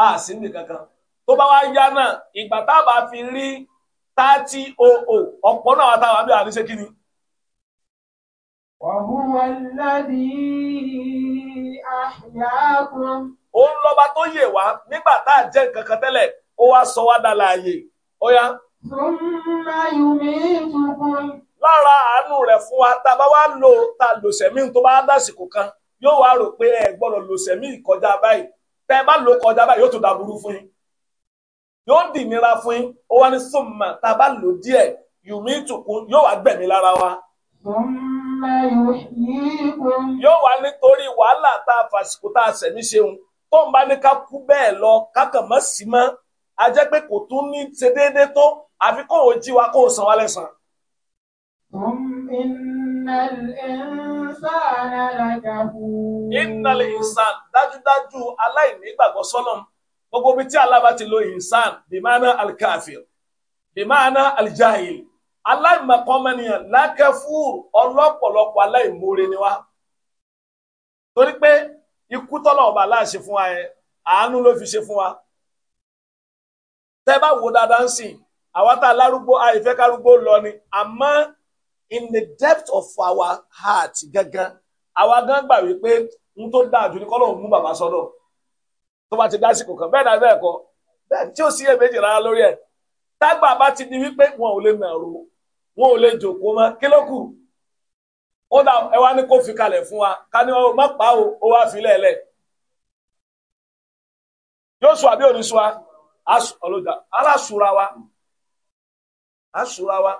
ah, sí níbi kankan tó bá wá yá náà ìgbà tá fi rí thirty oh oh ọ̀pọ̀ náà wà táwa bí àbí ṣé kí òun lọ́ba tó yè wá nígbà tá a jẹ́ wa tẹ́lẹ̀ ó wá sọ wá dàlà ó yá. lára àánú rẹ̀ fún wa tá a bá wá lò tá a tó bá dásìkò kan yóò wá rò pé ẹ gbọ́dọ̀ lò kọjá báyìí tẹ́ ẹ bá lò kọjá báyìí yóò tún fún yín yóò dì nira fún yín ó wá ní tá a bá lò díẹ̀ wa yóò wá nítorí wàhálà tá a tó ń bá ní ká kú bẹ́ẹ̀ lọ kákàn mọ́ sí mọ́ a jẹ́ pé kò tún ní ṣe déédéé tó àfi kó o jí wa kó o san wa lẹ́sàn.
innal insana lakafur. innal insan
dájúdájú aláìní gbàgbọ́ sọ́nà gbogbo ibi tí Allah bá ti lo insan bimana alkafir bimana aljahil aláìmọ̀kọ́mọ́nìyàn lakafur ọlọ́pọ̀lọpọ̀ aláìmoore ni wa torí pé ikú tọ́lọ̀ ọba aláṣẹ fún wa yẹn àánú ló fi ṣe fún wa. tẹ́ bá wo dáadáa ń sìn àwa tá a lárúgbó àìfẹ́ kárúgbó lọ ni àmọ́ in the depth of our heart gangan àwa gan gbà wípé n tó dáa jù ní kọ́lọ́ òun mú bàbá sọ́dọ̀ tó bá ti dásìkò kan bẹ́ẹ̀ náà bẹ́ẹ̀ kọ́ bẹ́ẹ̀ tí ò sí èméjì rárá lórí ẹ̀ tágbà bá ti di wípé wọn ò lè nàró wọn ò lè jòkó mọ́ kí ló kù ó dà ẹ wá ní kó fi kalẹ̀ fún wa ká ní ọ má pa o ó wá fi lẹ́ẹ̀lẹ́ yóò sọ àbí oníṣọ ọlọ́jà aláṣùra wa aṣùra wa.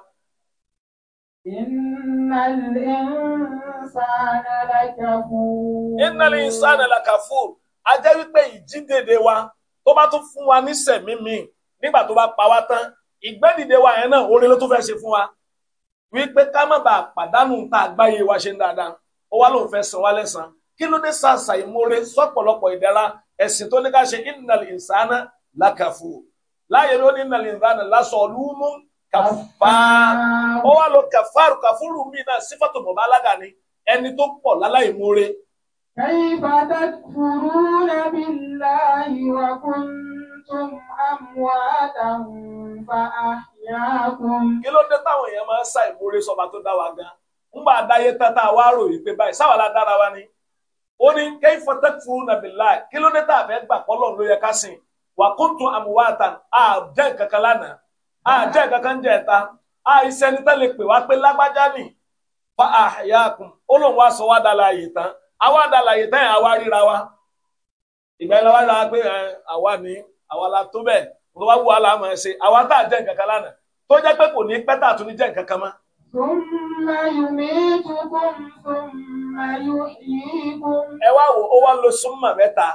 Innal insana lakafur.
Innal A jẹ́ wípé ìjídèdè wa tó bá tún fún wa ní sẹ̀mí mi nígbà tó bá pa wá tán ìgbẹ́dìde wa yẹn náà orin ló tún fẹ́ ṣe fún wa wípé ká má bàa pàdánù tá a gbáyé wa ṣe ń dáadáa ó wá lóun fẹ́ san wá lẹ́sàn kí ló dé sàṣà ìmoore sọ́pọ̀lọpọ̀ ìdára ẹ̀sìn tó ní ká ṣe innal insana lákàfù láàyè ló ní innal insana lásọ̀ọ́lùmú kàfàr ó wá lọ kàfàrù kàfúrù mi náà sífàtò bàbá alága ni ẹni tó pọ̀ láláì moore. kayfa
takfuruna billahi wa kuntum. kuntum amwatan
fa ahyaakum. kí ló dé táwọn èèyàn máa ń sá ìmúre sọba tó dá wa gan ńgbà àdáyé ròyìn pé báyìí sáwà la dára wa ní kayfa takfuruna kí ló dé tá gbà ló yẹ ká sìn kuntum amwatan kankan lánàá kankan jẹ́ ẹ̀ta ní tẹ́lẹ̀ pè wá pé lágbájá nì fa ó lóun wá sọ wá àwa la tó bẹ́ẹ̀ nǹkan bá wù wá làá máa ṣe àwa tá a jẹ́ nǹkan kan lánàá tó jẹ́ pé kò ní pẹ́ tà tún ní jẹ́ nǹkan kan mọ́.
Thumma yumitukum thumma
yuhyikum. Ẹ wá wo ó wá lo súnmà mẹ́ta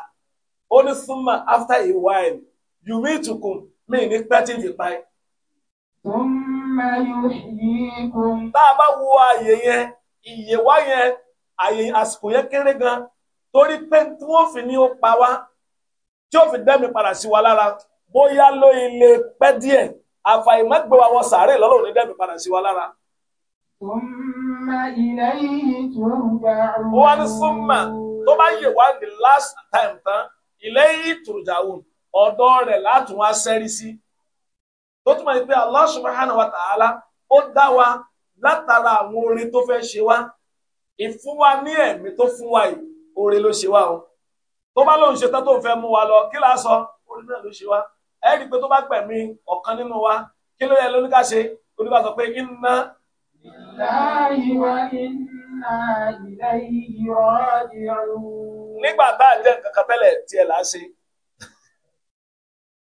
ó ní súnmà after a while yumitukum mi ní pẹ́ tí fi pa ẹ́.
Thumma yuhyikum.
Tá a bá wo ààyè yẹn ìyè wá yẹn ààyè àsìkò yẹn kéré gan torí pé tí wọ́n fi ní ó pa wá tí ó fi dẹ́mi padà sí wa lára bóyá ló ilé pẹ́ díẹ̀ àfàìmọ́ gbé wa wọ sàárè lọ́lọ́run ní dẹ́mi padà sí wa lára. ó wá ní súnmà tó bá yè wá the last time tán ilé yìí tùrùjàwùn ọ̀dọ́ rẹ̀ látùn wá sẹ́rí sí. tó túmọ̀ sí pé Allah subhanahu wa ta'ala ó dá wa látara àwọn orin tó fẹ́ ṣe wá ìfún ní ẹ̀mí tó fún wa yìí orin ló ṣe wá o tó bá lóun ṣetán tó ń fẹ́ mú wa lọ kí la sọ orí náà ló ṣe wa ẹ rí i pé tó bá pẹ̀mí ọ̀kan nínú wa kí ló yẹ lóníkà ṣe olúwa sọ pé inna lillahi wa
inna ilayhi raji'un.
nígbà tá a jẹ́ nǹkan kan tẹ́lẹ̀ tiẹ̀ là á ṣe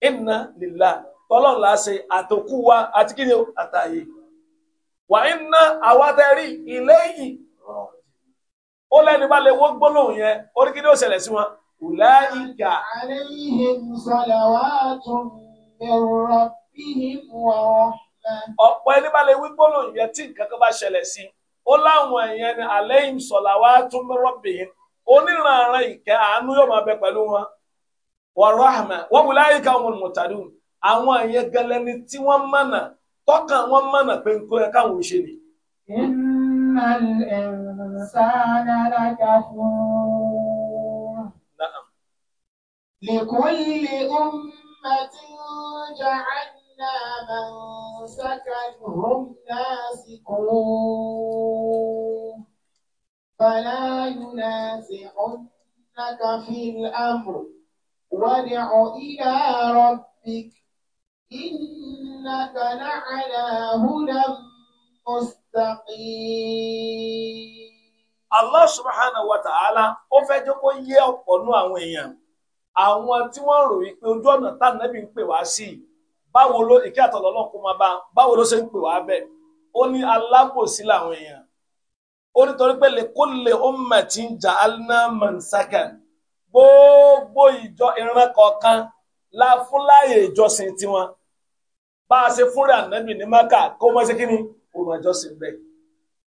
inna lillahi tọ́lọ́run là á ṣe àtòkù wa àti kí ni àtàyè wà inna àwátẹ́rì ilayhi ó lẹ́ni bá lè wọ́n gbólóhùn yẹn orí kí ni ó ṣẹlẹ̀ sí wọn Ùláìkà.
Àléhìn salawatun min rabbihim wa rahmah.
Ọ̀pọ̀ ẹni bá lè wí gbólóhùn yẹn tí nǹkan kan bá ṣẹlẹ̀ sí. Ó láwọn èèyàn ni àléhìn salawatun min rabbihim. Oníranran ìkẹ́ àánú yóò máa bẹ pẹ̀lú wọn. Wa rahmah. Wa ùláìkà humul muhtadun. Àwọn èèyàn gẹlẹ́ ni tí wọ́n mọ̀nà tọ́kàn wọ́n mọ̀nà pé nǹkan yẹn káwọn ò ṣe nì.
Innal insana lakafu. لكل أمة جعلنا من سكنهم ناسكوه فلا ينازعنك في الأمر وادع إلى ربك إنك لعلى هدى
مستقيم. Allah subhanahu wa ta'ala ó fẹ́ jẹ́ àwọn tí wọ́n ń ròyìn pé ojú ọ̀nà tá nàbí ń pè wá sí i báwo ló ìkẹ́ àtọ̀lọ́lọ́ kó máa bá báwo ló ṣe ń pè wá bẹ́ẹ̀ ó ní alábòsí làwọn èèyàn ó nítorí pé lè ó mà tí ń jà alná mọ̀nsákà gbogbo ìjọ ìran kọ̀ọ̀kan la fún láàyè ìjọsìn tiwọn bá a ṣe fúnra nàbì ní maka kó mọ́ sí kíni kó mọ́ ìjọsìn bẹ́ẹ̀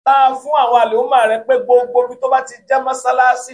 tá a fún àwọn àlèhùnmá rẹ pé gbogbo ibi tó bá ti jẹ́ mọ́sálásí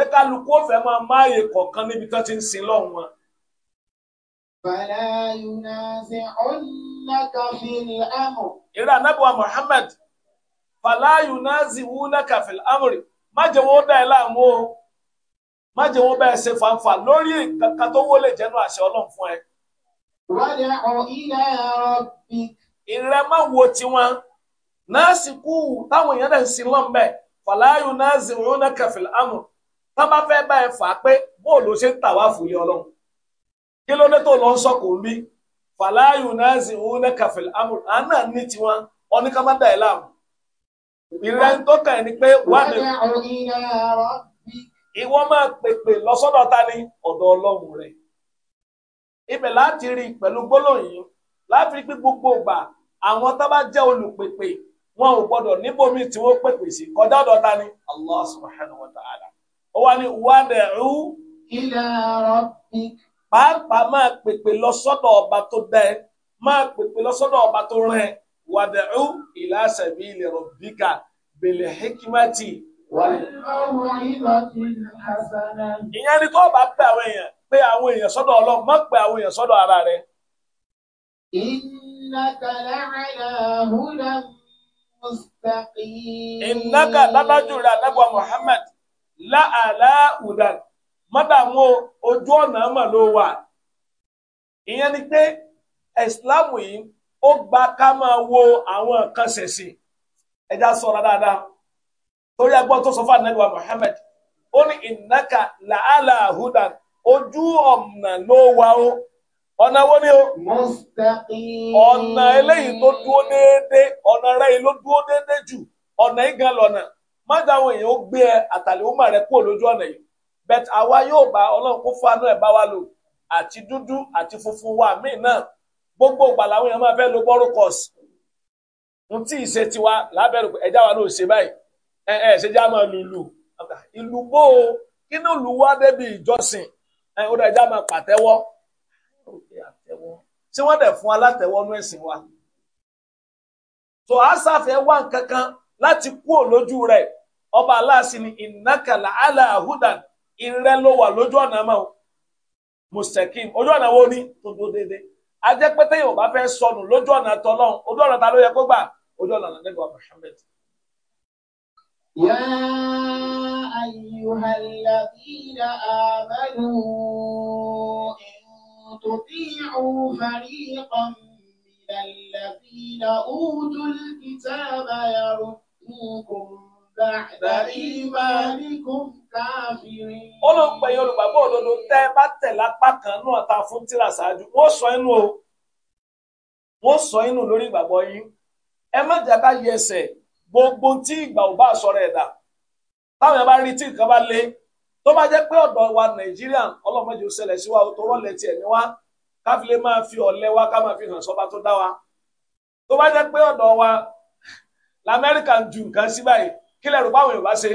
pé kálukú ó fẹ́ máa máàyè kọ̀ọ̀kan níbi tán ti ń sin lọ́hùn wọn. Bàlá Yunà ṣe ọ̀nàkà fìlì àmọ̀. Ìrà Anábùwà Muhammad, Bàlá Yunà ṣe wúnàkà fìlì àmọ̀rì, má jẹ́ wọn ó láàmú o, má jẹ́ wọn bẹ́ẹ̀ ṣe fanfa lórí kankan tó wọlé jẹ́nu àṣẹ Ọlọ́run fún ẹ.
Wàdà ọ̀ ilẹ̀ ọ̀bì.
Ìrẹ́ máa wo tiwọn, náà sì kú táwọn èèyàn dẹ̀ ń sin lọ́nbẹ̀, Bàlá Yunà ṣe wúnàkà tá bá fẹ́ bá ẹ fà á pé bóòlù ṣe ń tà wá fòye ọlọ́run kí ló dé tó lọ ń sọkò ń bí fàlàyé onáàzì òun lẹ́ka fẹ̀lẹ́ amúlù àná ní tiwọn ọ̀nìkàmọ́dà ẹ̀ láàmú ìrẹ́ tó kàn ní pé wà ní ìwọ máa pèpè lọ́sọ́dọ̀ ta ni ọ̀dọ̀ ọlọ́run rẹ̀ ibẹ̀ láti rí pẹ̀lú gbólóyìn láti rí pé gbogbo ìgbà àwọn tó bá jẹ́ olùpèpè wọn ò gbọ́dọ̀ níbòmí tí wọ́n pèpè sí kọjá ọ̀dọ̀ ta ni Allah subhanahu wa ta'ala ó wá ní wádẹ̀rú. ila rabbik. pàápàá máa pèpè lọ sọ́dọ̀ ọba tó dá ẹ máa pèpè lọ sọ́dọ̀ ọba tó rán ẹ wádẹ̀rú ila sabili rabbika bil hikmati. ìyẹn ni tó bá pè àwọn èèyàn pé àwọn èèyàn sọ́dọ̀ ọlọ́run má pè àwọn èèyàn sọ́dọ̀ ara rẹ.
innaka la'ala hudan mustaqim.
innaka dábàjúra nàbà Muhammad. ala ùdàn mọ́dàmú ojú ọ̀nà ọna ló wà ìyẹn ni pé ìsìláàmù yìí ó gba ká máa wo àwọn nǹkan ṣẹ̀ṣìn ẹja e sọ̀rọ̀ dáadáa torí agbọ́n tó sọ fún Muhammad ó ní ìnáka ala hudan ojú ọ̀nà ló wà ó ọ̀nà o. ọ̀nà eléyìí déédéé ọ̀nà rẹ̀ yìí ló déédéé jù má jẹ́ àwọn èèyàn ó gbé ẹ àtàlẹ́ ó mà rẹ kúrò lójú ọ̀nà yìí bẹ́t àwa yóò bá ọlọ́run kó fánú ẹ̀ bá wa lò àti dúdú àti funfun wa míì náà gbogbo ìgbà làwọn èèyàn máa fẹ́ lo borokos n tí ì ṣe tiwa lábẹ́rù ẹja wa ló ṣe báyìí ẹ ẹ ṣe já máa lùlù ìlú bó o kí ìlú wa débi ìjọsìn ẹ ó dá ẹja máa pàtẹ́wọ́ tí wọ́n dẹ̀ fún alátẹ̀wọ́nú ẹ̀sìn wa. tó a ṣàfihàn wá láti kúò lójú rẹ̀ ọba ala ni ìnákàlà ala ìrẹ́ ló wà lójú ọ̀nà mọ́ mùsẹ̀kìm ojú ọ̀nà wo ni tó dúró dédé ajẹ́ pété yóò bá fẹ́ sọnù lójú ọ̀nà tọ́lọ́n ojú ọ̀nà ta ló yẹ kó gbà ojú ọ̀nà
يا أيها الذين آمنوا إن تطيعوا فريقا من الذين ó ló
ń pè yín olùgbàgbọ́ òdodo tẹ́ bá tẹ̀ lápá kan náà ta fún tíra ṣáájú wọ́n sọ inú o wọ́n sọ inú lórí ìgbàgbọ́ yín ẹ má jàdá yẹsẹ̀ gbogbo tí ìgbà ò bá sọ̀rọ̀ ẹ̀dá táwọn yẹn bá rí tí nǹkan bá lé tó bá jẹ́ pé ọ̀dọ̀ wa nàìjíríà ọlọ́mọdé ò ṣẹlẹ̀ sí wa tó rọ́lẹ̀ tiẹ̀ ní wa ká máa fi ọ̀lẹ wa ká máa fi hàn sọ́ba tó dá wa tó bá jẹ́ pé ọ̀dọ̀ wa lamẹ́ríkà ń ju nǹkan sí báyìí kí lẹ́rù báwọn yorùbá ṣe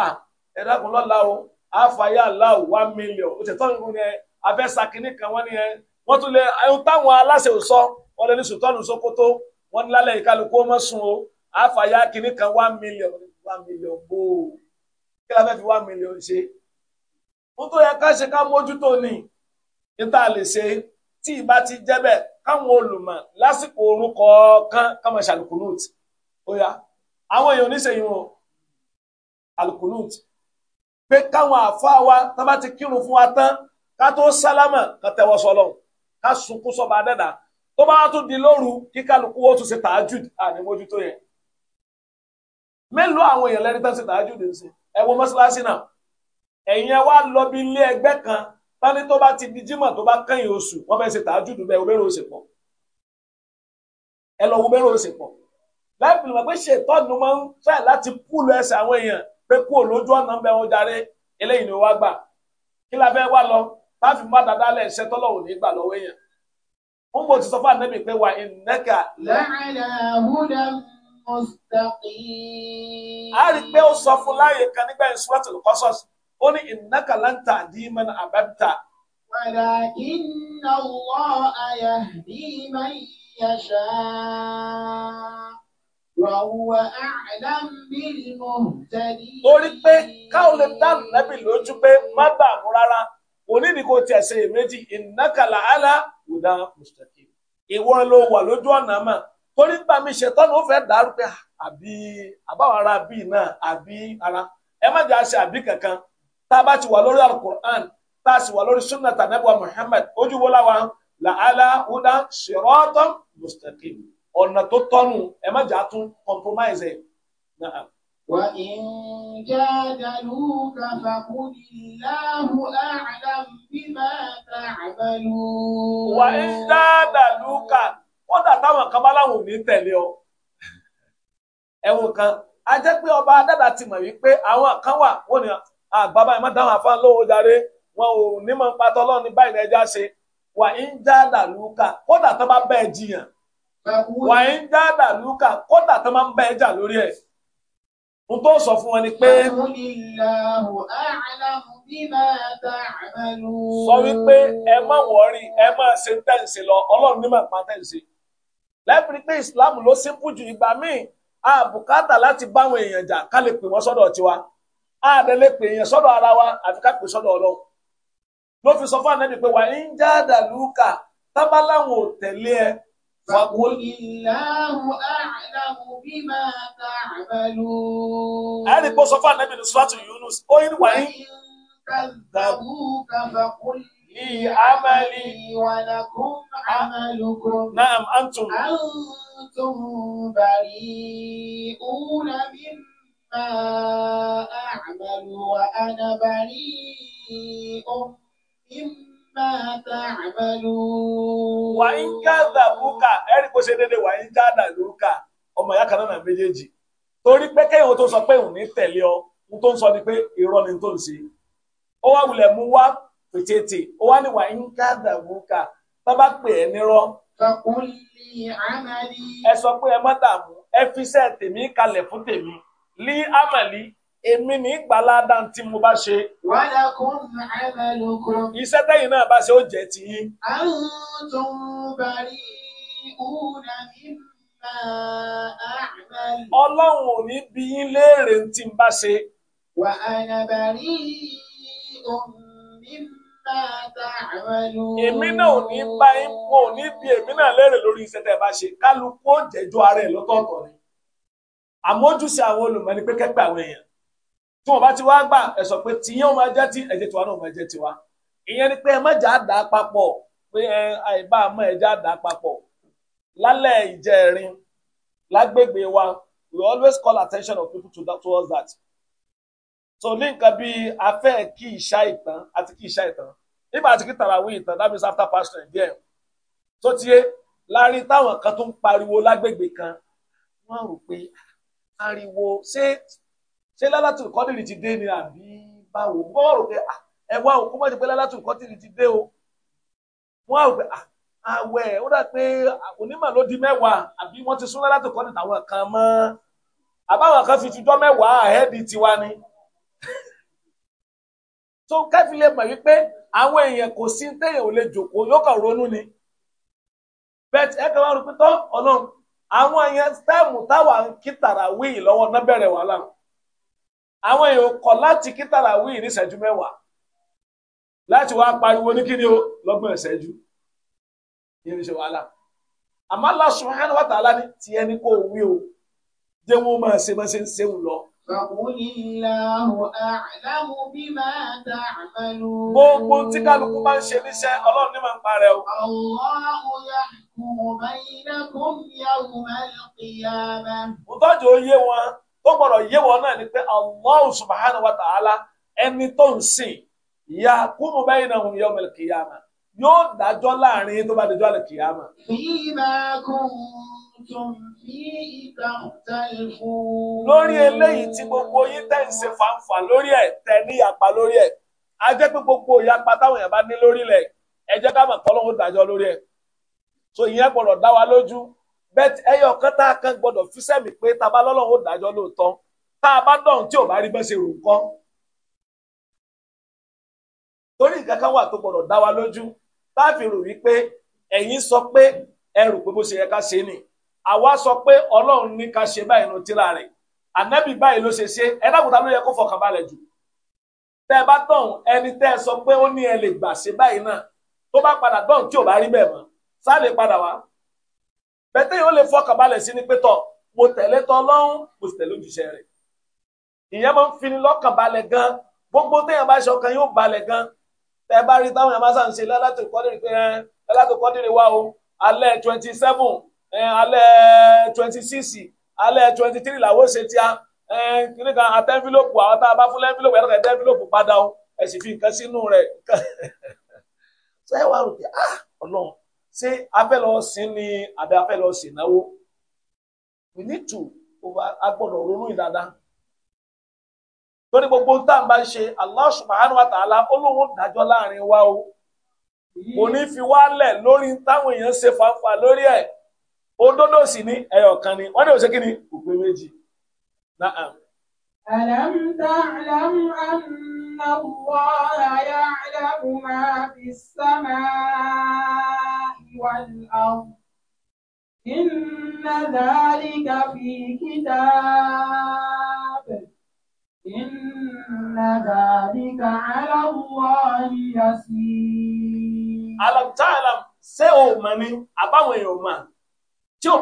ah, ẹ dákun lọ́la o àfàyà aláwò one million ó tẹ̀ tọ́nu ní ẹ abẹ́sàkínní kan wọ́n ní ẹ wọ́n tún lè ẹ̀hún táwọn aláṣẹ ò sọ wọ́n lè ní sùtọ́nù sókótó wọ́n ní lálẹ́ ìkálukú ó sùn o àfàyà kínní kan one million one million bó o kí fẹ́ fi one million ṣe wọ́n tó yẹ ká ṣe ká mójútó ni níta lè ṣe tí ìbá ti jẹ́ bẹ́ẹ̀ káwọn olùmọ̀ lásìkò orúkọ kan káwọn ṣàlùkù ó yà àwọn èèyàn oníṣẹ́yìn wọn alukunut pé káwọn àáfàá wa tán bá ti kírun fún wa tán ká tó sálámà ká tẹwọ́ sọlọ ká sunkún sọba dẹ́dà tó bá tún di lóru kí kálukú ó tún ṣe tààjùd ànímójútó yẹn mélòó àwọn èèyàn lẹ́ni tán ṣe tààjùd ń ṣe ẹ wo náà ẹ̀yin ẹ lọ bí ilé ẹgbẹ́ kan tani tó bá ti di jímọ̀ tó bá kẹ́yìn oṣù wọ́n fẹ́ ṣe tààjùd bẹ́ẹ̀ obìnrin oṣù pọ̀ ẹ lọ wo obìnrin oṣù pọ̀ láìpẹ́ lọ́wọ́ pé ṣètọ́nù máa ń fẹ́ láti púlù ẹsẹ̀ àwọn èèyàn pé kú òlójú ọ̀nà bẹ́ẹ̀ wọn darí eléyìí ni wọ́n wá gbà kí la fẹ́ wá lọ láti má dáadáa lẹ̀ ṣe tọ́lọ̀ ò gbà lọ́wọ́ èèyàn. ń bò ti sọ fún ànábì pé wà ìnẹ́kà. la'ala a rí i pé ó sọ fún láàyè kan nígbà yẹn Suratul Qasas ó ní ìnẹ́kà láǹtà dí man ahbabta. wàrà Torí pé káwọn lè dá nàbì lójú pé má dààmú rárá, onídìí kò tiẹ̀ ṣe èméjì, ìnákàlà àlá ìdá mùsùlùmí. Ìwọ ló wà lójú ọ̀nà mà. Torí gbà mí ṣetán ló fẹ́ dàrú pé ah, àbí àbáwọn ará bíi náà àbí ara. Ẹ má jẹ́ àṣẹ àbí kankan. Tá a bá ti wà lórí al tá a sì wà lórí Sunnah Tànẹ́bùwà Muhammad, ojú wo làálà ìdá ṣèrọ́tọ̀ mùsùlùmí. ọ̀nà tó tọ́nu ẹ má jà tún compromise ẹ̀.
وإن جادلوك فقل الله أعلم بما تعملون
táwọn kan bá láwọn ní tẹ̀lé ọ ẹ̀wọ̀n kan a pé ọba adáda ti mọ̀ wípé àwọn kan wà wọ́n ní àgbàbá ẹ̀ má dáhùn wọn ò ní mọ̀ báyìí ṣe wà bá wàá ń dá dàlúkà kódà tó máa ń bá ẹjà lórí ẹ̀ mo tó sọ fún wọn ni pé. sọ wípé ẹ má wọrí ẹ má ṣe tẹ̀sí lọ ọlọ́run ní màá pa tẹ̀sí lẹ́bìrì pé islam ló simple ju ìgbà míì a bùkátà láti báwọn èèyàn jà ká lè pè wọ́n sọ́dọ̀ tiwa a dẹ̀ lè pè èèyàn sọ́dọ̀ ara wa àfi ká pè sọ́dọ̀ ọlọ́run ló fi sọ fún ànábì pé wà ń já dàlúkà tábàláwọn ò tẹ̀lé ẹ فقل الله
أعلم بما تعملون
ẹni kó sọ fún anabi ní suratu Yunus ó yín wáyé. كذبوك
فقل لي
عملي ولكم
عملكم نعم أنتم أنتم بريئون مما أعمل وأنا بريء مما
wàyíngàdàbùkà ẹ̀rí kó ṣe déédéé wàyíngàdàlùkà ọmọ ìyá kan náà méjèèjì torí pé kéèyàn tó sọ pé òun ní tẹ̀lé ọ ohun tó ń sọ ni pé irọ́ ni tó ń ṣe ó wá wulẹ̀ mú wá pètètè ó wá ní bá pè èmi ní ìgbàládà tí mo bá ṣe. wàhálà kò ń àmà lóko. iṣẹ́ tẹ́yìn náà bá ṣe ó jẹ́ tiyín.
àwọn tó ń bari ìhùnà mímà àmàlù. ọlọ́run ò
ní bí yín léèrè tí n bá ṣe. wà á nà bari mímà tààmàlù. èmi náà ò ní bá yín mo ò ní bí èmi náà léèrè lórí iṣẹ́ tẹ́ bá ṣe kálukú ó jẹ́jọ́ ara ẹ̀ lọ́tọ̀ọ̀tọ̀ ni àmójúṣe àwọn olùmọ̀ ni pé kẹ́gbẹ́ àwọn èèyàn tí wọn bá ti wá gbà ẹ sọ pé tìyẹn ó máa jẹ́ tí ẹ̀jẹ̀ tiwa náà ó máa jẹ́ tiwa ìyẹn ni pé ẹ má jà á dà á pé ẹ àìbá àmọ́ ẹja dà á papọ̀ ìjẹrin lágbègbè wa we always call attention of people to that, towards that so ní nǹkan bí afẹ́ kí ìṣá ìtàn àti kí ìṣá ìtàn nígbà tí kí tàràwí ìtàn that means after past ten díẹ̀ tó ti yé láàrin táwọn kan tó ń pariwo lágbègbè kan wọ́n rò pé ah, ariwo ṣé ṣé lálátù kọ́dìrì ti dé ni àbí báwo gbọ́rò pé ẹ wá o ti pé lálátù kọ́dìrì ti dé o wọ́n á rò pé àwẹ̀ ó dà pé onímọ̀ ló di mẹ́wàá àbí wọ́n ti sún lálátù kan fi mẹ́wàá tiwa ni tó kẹ́fì lè mọ̀ wípé àwọn èèyàn kò sí téèyàn ò lè yóò kàn ronú ni bẹ́ẹ̀ rò pé tán àwọn èèyàn táìmù àwọn èèyàn kọ̀ láti kí tàràwí ní ìṣẹ́jú mẹ́wàá láti wá pariwo ní kíni o lọ́gbọ̀n ìṣẹ́jú yẹn ní ṣe wàhálà àmọ́ Allah subhanahu wa ta'ala ní tiẹ̀ ní kò wí o jẹ́ wọn máa ṣe máa ṣe ń ṣe ń lọ. Fàkúlìláhù
àlámù bímá tààmàlú. Gbogbo tí kálukú máa
ń ṣe níṣẹ́, Ọlọ́run ní máa ń parẹ́ o. Allahu
yahkumu bainakum yawmal qiyamah. Mo
tọ́jú ó wọn ó gbọ́dọ̀ yé wọn náà ni pé Allahu subhanahu wa ta'ala ẹni tó ń sìn yahkumu baynahum yawm al-qiyamah yóò dájọ́ láàrin tó bá dẹjọ́ al-qiyamah. bima
kuntum fihi takhtalifun. lórí eléyìí
tí gbogbo yín tẹ̀ ń ṣe fanfa lórí ẹ̀ tẹ̀ ní ìyapa lórí ẹ̀ a jẹ́ pé gbogbo ìyapa táwọn èèyàn bá ní lórílẹ̀ ẹ jẹ́ ká mọ̀ kọ́ lóhun dájọ́ lórí ẹ̀ so ìyẹn gbọ́dọ̀ dá wa lójú bẹ́ẹ̀ ẹyọ kan tá a kan gbọ́dọ̀ fi sẹ́mi pé tá a bá lọ́lọ́run ó dájọ́ lóòótọ́ tá a bá dọ̀hún tí ò bá rí bẹ́ẹ̀ ṣe rò ń kọ́. torí nǹkan kan wà tó gbọ́dọ̀ dá wa lójú tá a fi rò wípé ẹ̀yin sọ pé ẹ rò pé bó ṣe yẹ ká ṣe ni àwa sọ pé ọlọ́run ní ká ṣe báyìí nu tíra rẹ̀ ànábì báyìí ló ṣe ṣe ẹ dákúta ló yẹ kó fọkànbalẹ̀ jù tẹ́ bá tọ̀hún ẹni tẹ́ sọ pé ó ní ẹ lè gbà ṣe báyìí náà tó bá padà dọ̀hún tí ò bá rí bẹ́ẹ̀ mọ́ sá lè padà wá bẹ́tẹ̀ yóò lè fọkànbalẹ̀ sí ni pé tọ̀ mo tẹ̀lé tọ́ lọ́hún mo sì tẹ̀lé òjíṣẹ́ rẹ̀ ìyẹn máa ń fini lọ́kànbalẹ̀ gan gbogbo téèyàn bá ṣọkan yóò balẹ̀ gan tẹ bá rí táwọn yàrá sáà ń ṣe lálátò kọ́dìrì pé lálátò kọ́dìrì wá o alẹ́ twenty seven alẹ́ twenty six alẹ́ twenty three làwọn ṣe tíá kiri kan àtẹ́ńfílòpù àwọn tá a bá fún lẹ́ńfílòpù yàtọ̀ ẹ̀tẹ́ńfílòpù padà o ẹ sì fi nǹkan sínú rẹ̀ ṣé wàá rò pé ah ọlọ́run ṣé a fẹ́ lọ sin ni àbí a lọ sin náwó we need to a gbọ́dọ̀ ronú ìdada lórí gbogbo tá à bá ṣe Allah subhanahu wa ta'ala olóhùn dájọ́ láàrin wa o kò ní fi wá lẹ̀ lórí táwọn èèyàn ṣe fanfa lórí ẹ̀ òdodo sì ní ni wọ́n ní òṣèkí ni kò méjì.
ألم تعلم أن الله يعلم ما في السماء والأرض إن ذلك في كتاب إن ذلك على الله يسير
ألم تعلم ṣé o mọ̀ ni àbáwọn èèyàn mà tí ò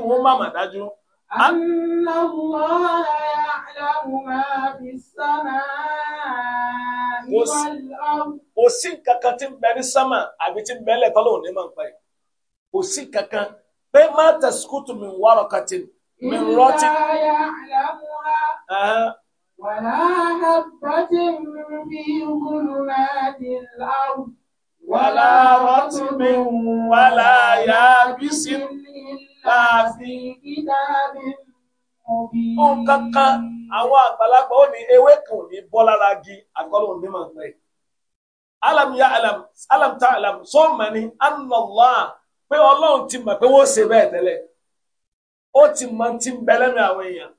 bá
أن الله يعلم ما في السماء
kò sí kankan tí ń bẹ ní sámà àbí tí ń bẹ lẹ̀ tọ́lọ̀ òní máa ń pa yìí kò sí kankan pé má tẹ̀síkútù mi wárọ̀ kàtí mi rọ́tí. ولا
حبة في ظلمات الأرض ولا رطب
ولا يابس إلا في كتاب nǹkan kan àwọn àgbàlagbà ó ní ewé kan ò ní bọ́ lára gi àgọ́lọ́hùn ní ya alam alam ta alam sọ ma ni anàlá pé ọlọ́run ti mọ̀ pé wọ́n ṣe bẹ́ẹ̀ tẹ́lẹ̀ ó ti ti ń bẹ lẹ́nu àwọn èèyàn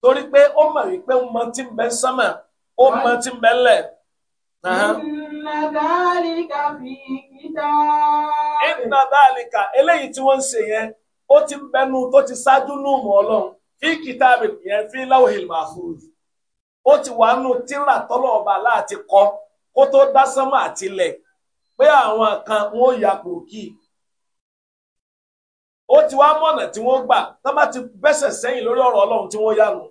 torí pé ó ti ń bẹ ó ti ń bẹ lẹ̀. ti ń bẹnu tó ti fi kìtàbí yẹn fi láwùhìl mahfuz ó ti wà nù tírà tọ́lọ̀ ọba láti kọ kó tó dá sánmà àtilẹ̀ pé àwọn kan wọn ò yà kò ó ti wá mọ̀nà tí wọ́n gbà tó bá ti bẹ́sẹ̀ sẹ́yìn lórí ọ̀rọ̀ ọlọ́run tí wọ́n yà nù.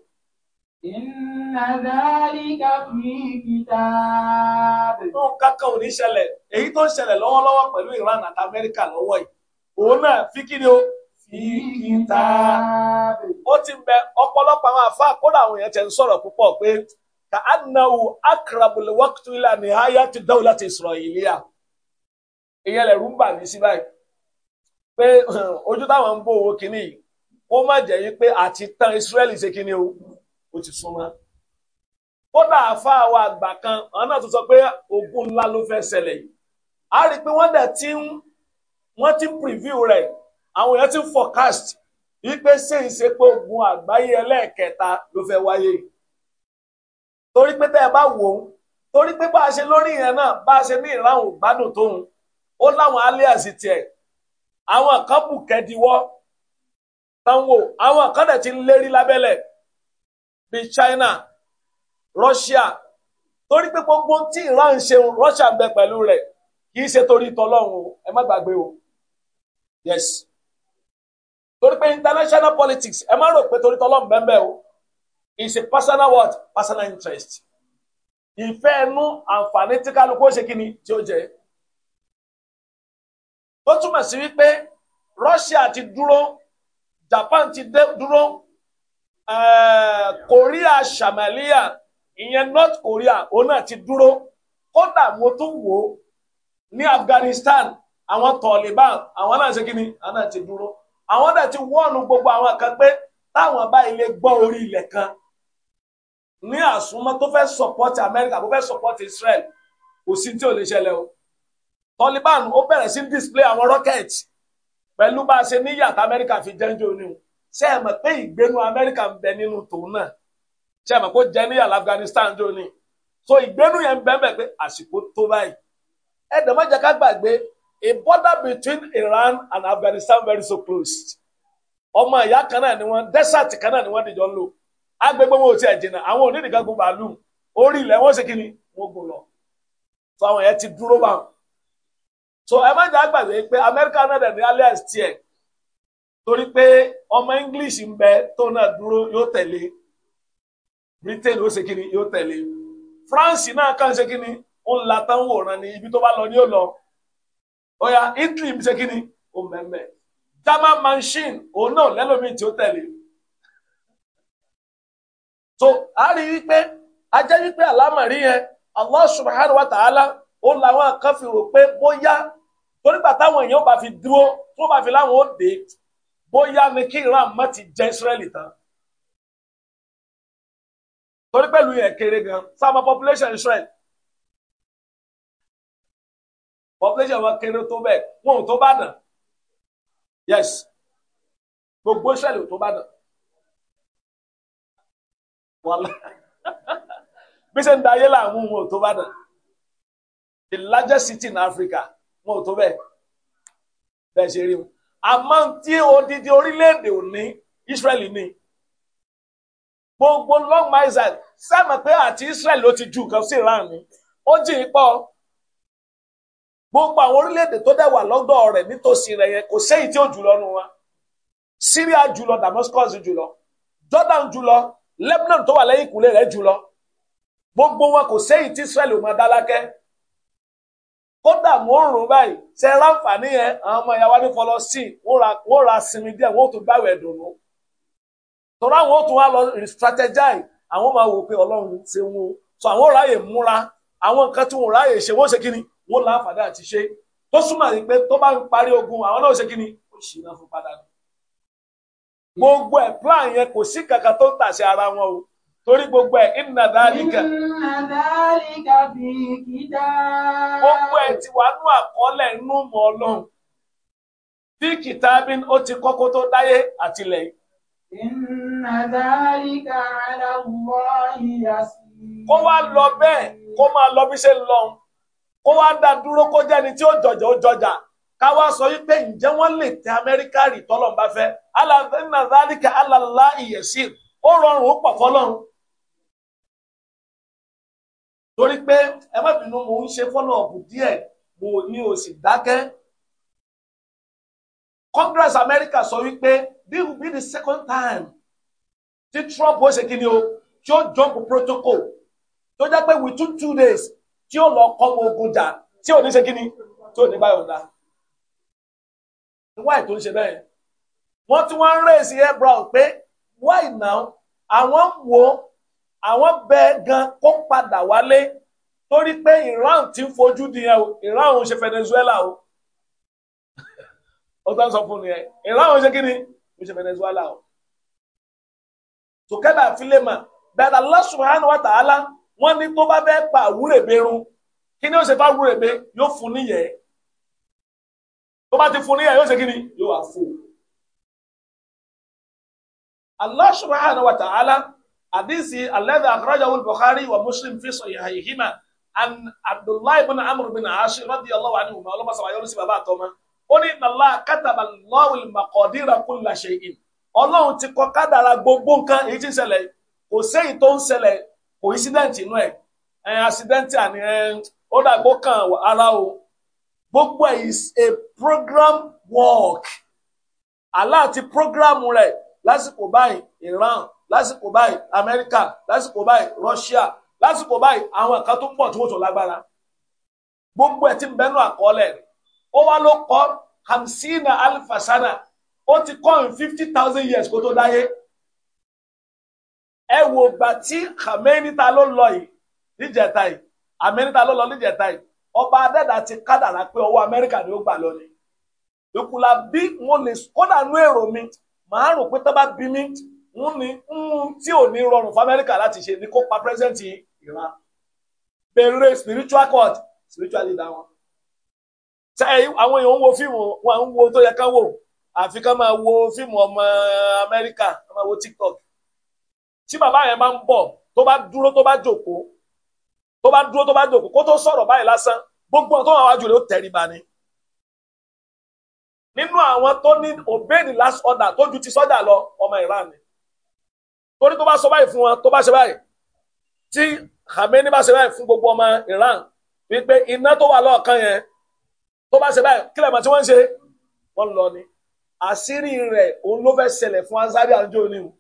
Inna dhalika fi kitab. Nínú
kankan ò ní ṣẹlẹ̀, èyí tó ń ṣẹlẹ̀ lọ́wọ́lọ́wọ́ pẹ̀lú Iran àti Amẹ́ríkà lọ́wọ́ yìí. Òun náà fi kí ni o? Fi ó ti ń bẹ ọ̀pọ̀lọpọ̀ àwọn àfáà kódà àwọn èèyàn ti ń sọ̀rọ̀ púpọ̀ pé ka annahu akrabul waqtu ila nihayati dawlati israiliya ìyẹn lẹ̀ rúmbà mi sí báyìí pé ojú táwọn ń bó owó kínní yìí ó má jẹ́ yí pé àti israeli ṣe kínní o ó ti súnmọ́ kódà afọ wa agba kan àwọn náà tún ogun nla ló fẹ ṣẹlẹ̀ yìí a rí pé wọ́n dẹ̀ ti ń wọ́n ti ń preview rẹ̀ àwọn èèyàn ti ń forecast wípé ṣé ń ogun àgbáyé ẹlẹ́ẹ̀kẹta ló fẹ́ wáyé torí pé tẹ́ ẹ bá wò ó torí pé bá a ṣe lórí yẹn náà bá a ṣe ní ìráhùn gbádùn tóun ó láwọn alias tiẹ̀ àwọn kan bù kẹ́díwọ́ sanwó àwọn kan dẹ̀ ti lérí lábẹ́lẹ̀ bíi China Russia torí pé gbogbo tí ìran ṣe ṣeun Russia ń bẹ pẹ̀lú rẹ̀ kì í ṣe torí tọlọ́run o ẹ má gbàgbé o yes. torí pé international politics ẹ má rò pé torí tọ́lọ́ mbẹ́mbẹ́ o is a personal what personal interest ìfẹ́ ẹnu àǹfààní tí kálukú ó ṣe kí ni tí ó jẹ tó túmọ̀ sí wípé Russia ti dúró Japan ti dúró uh, Korea shamalia ìyẹn North Korea òun náà ti dúró kódà mo tún wò ó ní Afghanistan àwọn Taliban àwọn náà ṣe kí ni àwọn náà ti dúró àwọn dẹ̀ ti wọ́ọ̀nù gbogbo àwọn kan pé táwọn bá ilé gbọ́ orí ilẹ̀ kan ní àsúnmọ́ tó fẹ́ support America tó fẹ́ support Israel kò sí tí ò lè ṣẹlẹ̀ o Taliban ó bẹ̀rẹ̀ sí display àwọn rocket pẹ̀lú bá a ṣe ní yàtọ̀ America fi jẹ́njẹ́ oní o ṣé ẹ mọ̀ pé ìgbénu America ń bẹ nínú tòun náà ṣé ẹ mọ̀ kó jẹ́ níyàlá Afghanistan jóni so ìgbénu yẹn ń bẹ́ẹ̀ bẹ́ẹ̀ pé àsìkò tó báyìí ẹ̀dọ̀ má jẹ́ ká gbàgbé a border between Iran and Afghanistan very so close ọmọ ìyá kan náà ni wọ́n desert kan náà ni wọ́n dìjọ ń lò agbègbè wọn ò tiẹ̀ jìnnà àwọn onídìgá gbogbo àlù orí ilẹ̀ wọn ṣe kí ni wọ́n gùn lọ so àwọn yẹn ti dúró bá wọn so ẹ má jẹ́ àgbàdo pé America. náà dẹ̀ ní alliance tiẹ̀ torí pé ọmọ English ń bẹ tó náà dúró yóò tẹ̀lé Britain ó ṣe kí ni yóò tẹ̀lé France náà kàn ṣe kí ni ó ń la tán wòran ní ibi tó bá lọ ni ó lọ. Oya, Italy ṣe kí ni ó mẹ́mẹ́ German machine òun náà lẹ́lòmíì tí ó tẹ̀lé so a rí i pé a jẹ́ wípé àlámọ̀rí yẹn Allah subhanahu wa ta'ala ó làwọn kan fi rò pé bóyá torígbà táwọn èèyàn bá fi dúró tó bá fi láwọn ó dé bóyá ni kí Iran má ti jẹ Israeli tán torí pẹ̀lú yẹn kéré gan sáà population Israel population wọn kéré tó bẹ́ẹ̀ wọn ò tó bá dàn yes gbogbo ìṣẹ̀lẹ̀ ò tó bá dàn wàhálà bí ṣe ń da ayé làwọn wọn ò tó bá dàn the largest city in Africa wọn ò tó bẹ́ẹ̀ bẹ́ẹ̀ ṣe rí wọn àmọ́ tí odidi orílẹ̀-èdè ò ní Israel ní gbogbo long island sáà mọ̀ pé àti Israel ló ti ju nǹkan sí Iran ni ó jìn pọ̀ gbogbo àwọn orílẹ̀-èdè tó dẹ̀ wà lọ́dọ̀ rẹ̀ nítòsí rẹ̀ yẹn kò séyìí tí ó jùlọ nù wọn Syria jùlọ Damascus jùlọ Jordan jùlọ Lebanon tó wà lẹ́yìn ìkúlẹ̀ rẹ̀ jùlọ gbogbo wọn kò séyìí tí Israel ò máa dálákẹ́ kódà mò ń rùn báyìí ṣe ráǹfààní yẹn àwọn ọmọ ìyàwó ní fọlọ sí wọn ra sinmi díẹ̀ wọn ò tún gbàwé ẹdùnnú tọ́lá àwọn ò tún wá lọ strategize àwọn máa wò pé Ọlọ́run ṣe wọn so àwọn ò ráyè múra àwọn nǹkan tí wọn ò ráyè ṣe wọn ò ṣe kí ni wọ́n láǹfààní àti ṣe tó súnmọ́ àti pé tó bá ń parí ogun àwọn náà ṣe kí ni ó ṣì náà fún padà nù. gbogbo ẹ̀ plan yẹn kò sí kankan tó ń tàṣe ara wọn o torí gbogbo ẹ̀ inna dhalika.
inna dhalika fi kitab.
gbogbo ẹ̀ ti wà nú àkọọ́lẹ̀ nú mọ́ ọlọ́run bí kìtàbín ó ti kọ́kọ́ tó dáyé àtìlẹ̀ yìí.
Inna dhalika ala
Allahi yasin. Kó wá lọ bẹ́ẹ̀, kó máa lọ bí ṣe ń lọ. kó wá dá dúró kó jẹ́ ẹni tí ó jọjà ó jọjà káwá sọ wípé ǹjẹ́ wọ́n lè tẹ amẹ́ríkà rì tọ́lọ̀ bá fẹ́ aláǹdà alàlá ìyẹ̀sí ó rọrùn ó pọ̀ fọlọ́run. torí pé ẹ má bínú mò ń ṣe mo ní o sì dákẹ́. Congress America sọ wípé this will be the second time tí Trump ó ṣe kí ni o tí ó jump protocol tó jẹ́ pé within two days tí ó lọ kọ́ ogun jà tí ò ní ṣe kíni tí ò ní báyọ̀ dá. wáì tó ń ṣe bẹ́ẹ̀ wọ́n tí wọ́n ń rè sí ebron pé wáì náà àwọn ń wò àwọn bẹ́ẹ̀ gan kó padà wálé torí pé Iran ti ń fojú di yẹn o Iran òun ṣe Venezuela o ó tán sọ fún nìyẹn Iran òun ṣe kíni òun ṣe Venezuela o. tòkẹ́dà fílẹ̀ mà bẹ́ẹ̀ Allah subhanahu wa ta'ala wọ́n ní tó bá fẹ́ pa àwúrèbe run kí ni ó ṣe bá àwúrèbe yóò fún níyẹ̀ tó bá ti fún níyẹ̀ yóò ṣe kí ni yóò wá fún un. Allah subhanahu wa ta'ala hadisi alladhi akhrajahu al-Bukhari wa Muslim fi sahihihima an Abdullahi bin Amr bin Ash radiyallahu anhu ma ọlọ́mọ sọ̀rọ̀ ayọ́lùsí bàbá àtọ́mọ ó ní nàlá kátàbà lọ́wọ́ ìmàkọ̀díra kulla shay'in ọlọ́run ti kọ kádàrà gbogbo nǹkan èyí tí ń ṣẹlẹ̀ kò séyìí tó ń ṣẹlẹ̀ kò incident inú ẹ̀ ẹ̀ accident àní ẹ̀ ó dàgbó kan ara o gbogbo ẹ̀ is a program work Allah ti program rẹ̀ lásìkò báyìí Iran lásìkò báyìí Amẹ́ríkà lásìkò báyìí Russia lásìkò báyìí àwọn ẹ̀ka tó pọ̀ tí wọ́n tó lágbára gbogbo ẹ̀ ti ń bẹ́nu àkọọ́lẹ̀ rẹ̀ ó wá ló kọ́ hamsina alifasana ó ti kọ́ in fifty thousand years kó tó dáyé ẹ wo gbà tí Khamenita ló lọ yìí níjẹta yìí Amẹ́ríkà ló lọ níjẹta yìí ọba adẹ́dà ti kádàrá pé ọwọ́ Amẹ́ríkà ni ó gbà lọ ni ìkùlà bí mo lè kódà nú èrò mi màá rò pé tó bá bí mi ń ní ń tí ò ní rọrùn fún Amẹ́ríkà láti ṣe ní kópa pírẹsẹ̀ǹtì Iran bẹ̀rẹ̀ spiritual court spiritual leader wọn. àwọn èèyàn ń wo fíìmù wọn ń wo tó yẹ ká wò àfi ká máa wo fíìmù ọmọ Amẹ́ríkà ká máa wo TikTok tí bàbá yẹn máa ń bọ̀ tó bá dúró tó bá jókòó tó bá dúró tó bá jókòó kó tó sọ̀rọ̀ báyìí lásán gbogbo ọ̀tọ́ àwọn àjùlẹ̀ ó tẹríba ni. nínú àwọn tó ní obey the last order tó ju ti sọ́jà lọ ọmọ Iran ni torí tó bá sọ báyìí fún wọn tó bá ṣe báyìí tí Khamenei bá ṣe báyìí fún gbogbo ọmọ Iran wípé iná tó wà lọ́ọ̀kan yẹn tó bá ṣe báyìí kílẹ̀ mọ̀ tí wọ́n ń ṣe wọ́n lọ ni àṣírí rẹ̀ òun ló fẹ́ ṣẹlẹ̀ fún azari àjọ oníhùn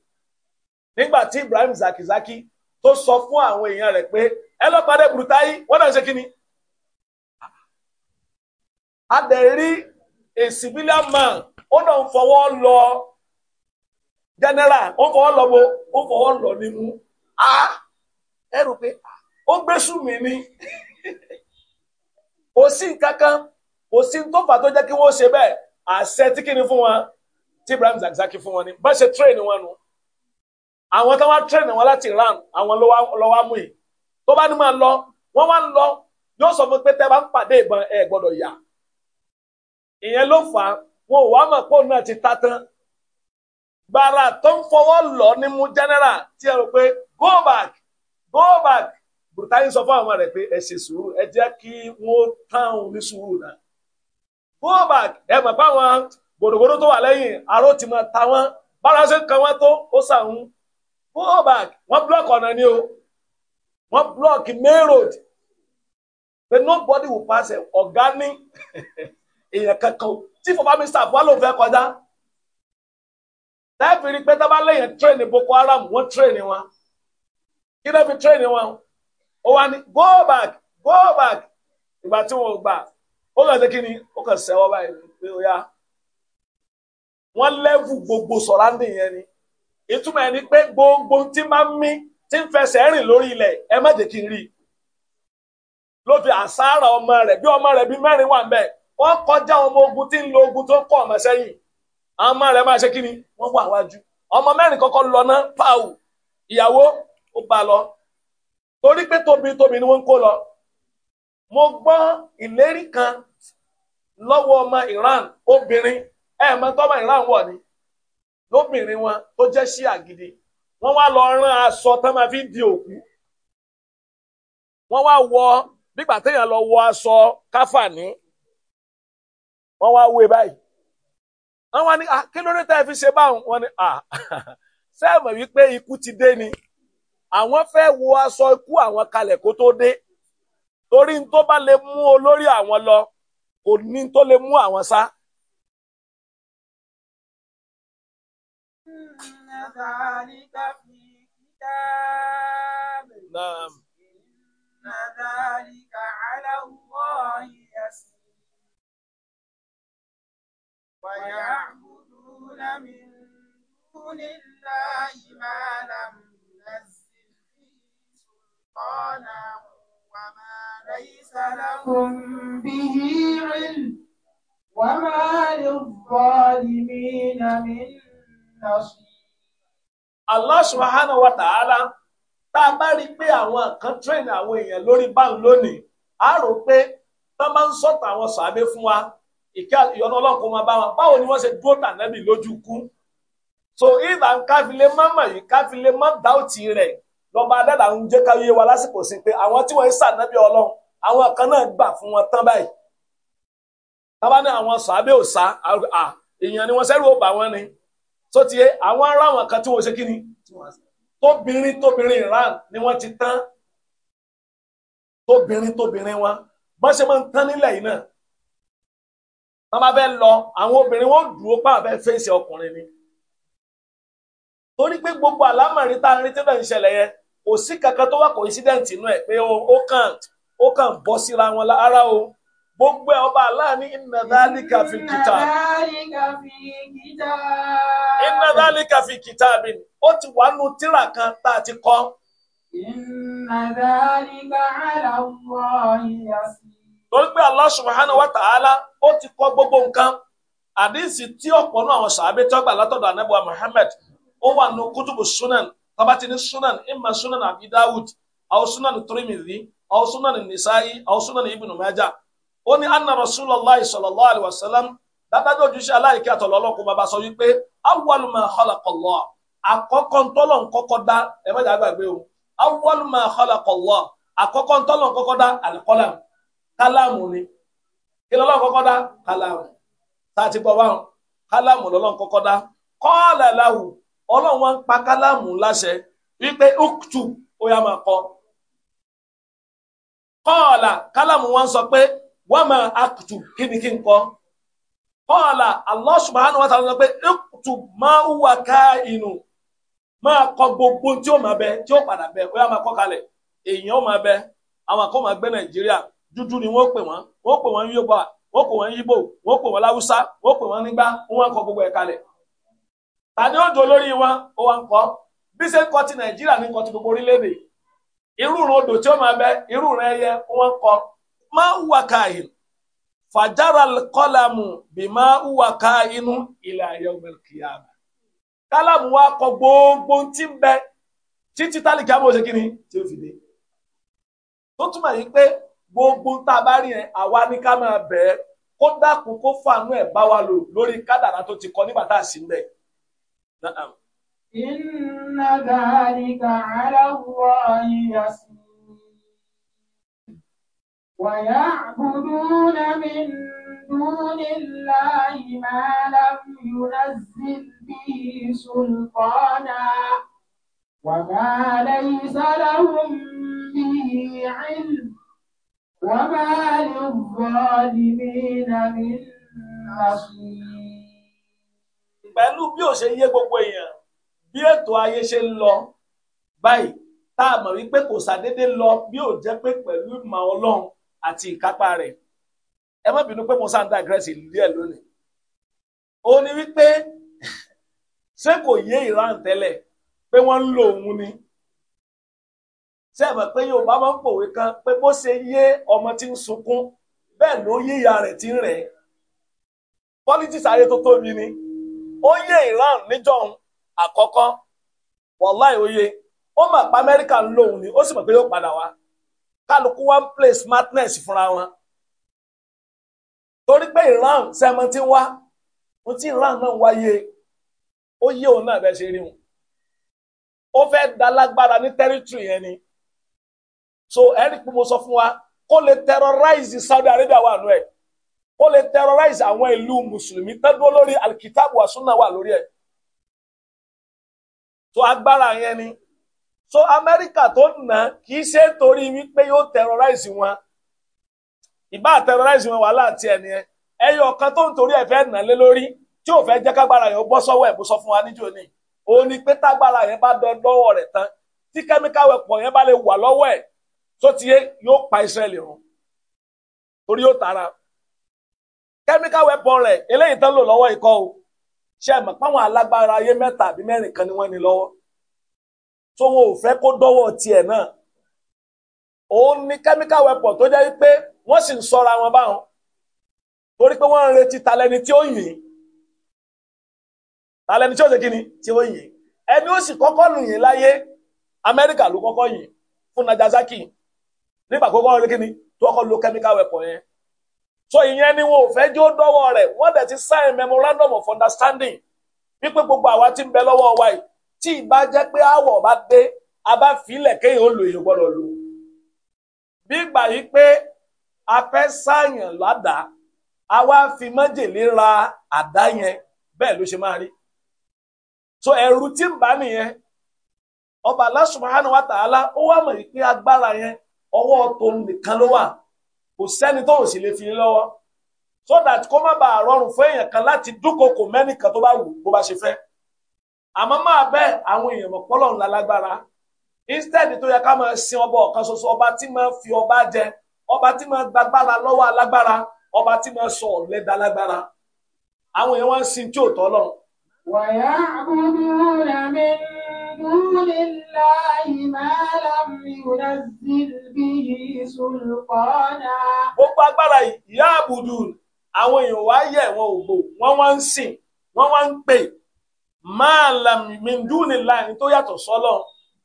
nígbà tí Ibrahim Zakizaki tó sọ fún àwọn èèyàn rẹ̀ pé ẹ lọ padà burúkú wọ́n náà ṣe kí ni. a dẹ̀ rí a civilian man ó náà ń fọwọ́ lọ general ó fọwọ́ lọ bo ó fọwọ́ lọ nínú a ẹ rò pé ó gbé sùnmí ni kò sí nǹkan kan kò sí tó fà tó jẹ́ kí wọ́n ṣe bẹ́ẹ̀ àṣẹ tí kìíní fún wọn tí Ibrahim Zakizaki fún wọn ni bá ṣe train wọn nù. No àwọn tó wá tẹ̀lé wọn láti Iran àwọn ló wá mú yìí tó bá ní máa lọ wọ́n wá ń lọ yóò sọ fún pé tẹ́ bá ń pàdé ìbọn ẹ̀ gbọ́dọ̀ yà ìyẹn ló fà á wọn ò wá mọ̀ pé òun náà ti ta tán gbàrà tó ń fọwọ́ lọ ní mu general tí ẹ rò pé go back go back Burtani sọ fún àwọn rẹ̀ pé ẹ ṣe sùúrù ẹ jẹ́ kí wọ́n tán òun ní sùúrù náà go back ẹ mọ̀ pé àwọn gbòdògbòdò tó wà lẹ́yìn aró ti máa ta wọ́n bára ṣe ń kan wọ́n tó ó sàn ń fall back wọ́n block ọ̀nà ni o one block main road but nobody will pass ọ̀gá ní èèyàn kankan tí fọba mi sàfù wà ló fẹ́ kọjá láìpẹ́ rí pé tábà lẹ́yìn Boko Haram wọ́n tírẹ̀nì wọn kí ló fi tírẹ̀nì wọn o wa ni go back go back ìgbà tí wọn o gbà ó kàn ṣe kí ni ó kàn ṣẹ́wọ́ báyìí pé ó yá wọ́n lẹ́wù gbogbo sọ̀rọ̀ á nìyẹn ni ìtumọ̀ ẹni pé gbogbo tí máa ń mí tí ń fẹsẹ̀ rìn lórí ilẹ̀ ẹ má jẹ́ kí n rí i ló fi àsáàrà ọmọ rẹ̀ bí ọmọ rẹ̀ bí mẹ́rin wà wọ́n kọjá ọmọ ogun tí ń ogun tó ń ọmọ sẹ́yìn àwọn ọmọ rẹ̀ máa ṣe kí ni ọmọ mẹ́rin kọ́kọ́ lọ ná pàù ìyàwó ó torí pé tóbi tóbi ni wọ́n mo gbọ́ ìlérí kan lọ́wọ́ ọmọ Iran obìnrin Iran wọ̀ ni lóbìnrin wọn tó jẹ́ ṣíà gidi wọ́n wá lọ rán aṣọ tán máa fi di òkú wọ́n wá wọ nígbà téèyàn lọ wọ aṣọ káfàní wọ́n wá wé báyìí wọ́n wá ní ah, kí ló dé tá ẹ fi ṣe báwọn wọ́n ní ah, sẹ́ẹ̀mọ̀ wípé ikú ti dé ni àwọn fẹ́ wọ aṣọ ikú àwọn kalẹ̀ kó tó dé torí n tó bá lè mú olórí àwọn lọ kò ní tó lè mú àwọn sá.
إن ذلك في كتاب نعم إن ذلك على الله يسير ويعبدون من دون الله ما لم ينزل به سلطانا وما ليس لهم به علم وما للظالمين
من Allah subhanahu wa ta'ala tá a bá rí i pé àwọn kan train àwọn èèyàn lórí báwọn lónìí a rò pé tá a máa ń sọ̀tà àwọn sàbẹ̀ fún wa ìkẹ́ ìyọnu ọlọ́run kò máa bá wọn báwo ni wọ́n ṣe dúró tànẹ́bì lójú kú so ìlà ń káfílé má mọ̀ yìí káfílé má dáòtì rẹ̀ lọ́ba adáda ń jẹ́ káyé wa lásìkò sí pé àwọn tí wọ́n ń sànẹ́bì ọlọ́run àwọn kan náà gbà fún wọn tán báyìí tábà ní àwọn sàbẹ̀ òsà à èèyàn ni wọ́n sẹ́rù ó bà wọ́n ni So ti yé àwọn ará àwọn kan tí wọ́n ṣe kí ni tóbìnrin tóbìnrin ìran ni wọ́n ti tán tóbìnrin tóbìnrin wọn bọ́n ṣe máa ń tán nílẹ̀ yìí náà wọ́n bá fẹ́ lọ àwọn obìnrin wọn dúró pa àfẹ́ fèsì ọkùnrin ni torí pé gbogbo àlámọ̀rí tá a ń retí náà ń ṣẹlẹ̀ yẹn kò sí kankan tó wà coincidence inú ẹ̀ pé ó kàn ó kàn bọ́ síra wọn lára o gbogbo ẹ ọba aláàánú inna dhalika fi kitab inna dhalika fi kitab mi ó ti wà nù tírà kan tá a ti kọ. inna dhalika
ala Allahi yasir.
torí pé Allah subhanahu wa ta'ala ó ti kọ gbogbo nǹkan àdínsì tí ọ̀pọ̀ náà àwọn sàábé tọ́gbà látọ̀dọ̀ anábọ̀wá Muhammad ó wà nù kútùbù sunan tabati ní sunan imma sunan abi dawud aw sunan tirimidhi aw sunan nisa'i aw sunan ibnu majah ó ní anna Rasulullahi sallallahu alaihi wasallam dábàjọ́ ojúṣe aláìkí àtọ̀lọ́lọ́kùn bàbá sọ wípé awwal ma khalaqa Allah àkọ́kọ́ ntọ́lọ̀ nkọ́kọ́ dá ẹ má dàgbàgbé o awwal ma khalaqa Allah àkọ́kọ́ ntọ́lọ̀ nkọ́kọ́ dá al kálámù ni kí lọ́lọ́ dá kálámù tá a ti kálámù lọ́lọ́ nkọ́kọ́ dá qala lahu ọlọ́run wa pa kálámù láṣẹ wípé uktub ó yá máa kọ qala kálámù wa sọ pé wama akutu kí ni kí n kọ́ kọ́ọ̀là Allah subhanahu wa ta'ala ikutu máa kọ gbogbo tí ó máa bẹ tí ó padà bẹ ó yá máa kọ kalẹ̀ èèyàn ó máa bẹ àwọn ma máa gbé nàìjíríà dúdú ni wọ́n pè wọn wọ́n pè wọ́n yóbọ̀ wọ́n pè wọ́n yíbò wọ́n pè láwùsá pè nígbà kọ gbogbo tani ó lórí wọn ó wá ń kọ́ ti nàìjíríà ní ti ma huwa kahin fajara alqalamu bima huwa kahinu ila yawm alqiyama kalam wa kọ gbogbo nti bẹ títí tálíkì àmọ́ ṣe kíni tí ó fi dé tó túmọ̀ yìí gbogbo rí kó wa kọ
inna dhalika ويعبدون من دون الله ما لم ينزل به سلطانا وما ليس لهم به علم وما للظالمين من
نصير pẹ̀lú bí ó ṣe yé gbogbo èèyàn bí ètò ayé ṣe ń lọ báyìí tá a mọ̀ wípé kò ṣàdédé lọ bí ó jẹ́ pé pẹ̀lú ìmọ̀ ọlọ́run àti ìkápá rẹ ẹ má bínú pé mo sá ń dàgẹ́rẹ́sì díẹ̀ lónìí ó ní wípé ṣé kò yé Iran tele pé won ń lo òun ni ṣé ẹ mọ̀ pé Yorùbá máa ń pòwe kan pé bó ṣe yé ọmọ tí ń sunkún bẹ́ẹ̀ ló yé ìyá rẹ̀ tí ń rẹ̀ politics ayé tó tóbi ni ó yé Iran níjọ́un àkọ́kọ́ wàláì ó yé ó mọ̀ pé Amẹ́ríkà ń lo òun ni ó sì ma pé yóò padà wá kálukú wá ń play smartness fúnra wọn torí pé ìran sẹ́mọ tí ń wá ohun tí ìran náà wáyé ó yé òun náà bẹ́ẹ̀ ṣe rí wọn ó fẹ́ da ní tẹ́rítírì yẹn ni so eric mo sọ fún wa kó lè terrorize Saudi Arabia wà nù ẹ̀ ó lè terrorize àwọn ìlú mùsùlùmí tẹ́dúró lórí alikitaabu wa sunna wà lórí ẹ̀ tó agbára yẹn ni so amẹ́ríkà tó nà kì í ṣe torí wípé yóò terrorize wọn ìbá terrorize wọn wàhálà àti ẹni ẹyọ kan tó ń torí ẹ fẹ́ nà lé lórí tí ò fẹ́ jẹ́ kágbára yẹn bọ́ sọ́wọ́ ẹ̀ bó sọ fún wa níjó ni òun ni pé tágbára yẹn bá dán lọ́wọ́ rẹ̀ tán tí kẹ́míkà wẹ̀pọ̀ yẹn bá lè wà lọ́wọ́ ẹ̀ tó ti yé yóò pa Israẹli run torí yóò tara kẹ́míkà wẹ̀pọ̀ rẹ̀ eléyìí tán lò lọ́wọ́ ikọ́ o ṣe é mọ̀ páwọn alágbára ayé mẹ́ta àbí mẹ́rin kan ni wọ́n tó wọn ò fẹ́ kó dọ́wọ́ tiẹ̀ náà òun ní chemical weapon tó jẹ́ pé wọ́n sì ń sọ́ra wọn báwọn torí pé wọ́n ń retí talẹ́ni tí ó yìn talẹ́ni tí ó ṣe kí ni tí ó yìn ẹni ó sì kọ́kọ́ lù yìn lo chemical weapon yẹn so ìyẹn ni wọn ò fẹ́ jó dọ́wọ́ rẹ̀ wọ́n dẹ̀ ti sign ti ń bẹ lọ́wọ́ tí ìbá jẹ́ pé àwọ̀ bá dé a bá filẹ̀ kéèyàn ó lo èèyàn gbọ́dọ̀ lò bí ìgbà yìí pé a fẹ́ sáàyàn ládàá a wá fi májèlé ra àdá yẹn bẹ́ẹ̀ ló ṣe máa rí so ẹ̀rù tí ń bá nìyẹn ọba Allah wa ta'ala ó wá mọ̀ pé agbára yẹn ọwọ́ tòun nìkan ló wà kò sẹ́ni tó ò sì lè fi lọ́wọ́ so that kó má bàa rọrùn fún èèyàn kan láti dúnkokò mẹ́nìkan tó bá wù bó bá ṣe fẹ́ àmọ́ máa bẹ́ẹ̀ àwọn èèyàn mọ̀ pọ́lọ̀ ńlá lágbára instead tó yẹ ká máa sin ọba ọ̀kan ṣoṣo ọba tí máa fi ọba jẹ ọba tí máa gbàgbára lọ́wọ́ alágbára ọba tí máa sọ ọ̀lẹ́dà lágbára àwọn èèyàn wọn ń sin tí ò tọ́ lọ.
wàyà àbúrò mi dúró láì máa
lámì òdàzílbí
sùlùkọ́nà.
gbogbo agbára ìyá àbùdù àwọn èèyàn wá yẹ wọn ò gbò wọn wá ń sìn wọn wá ń pè é máàlám mìndúni láàrin tó yàtọ̀ sọ́lọ̀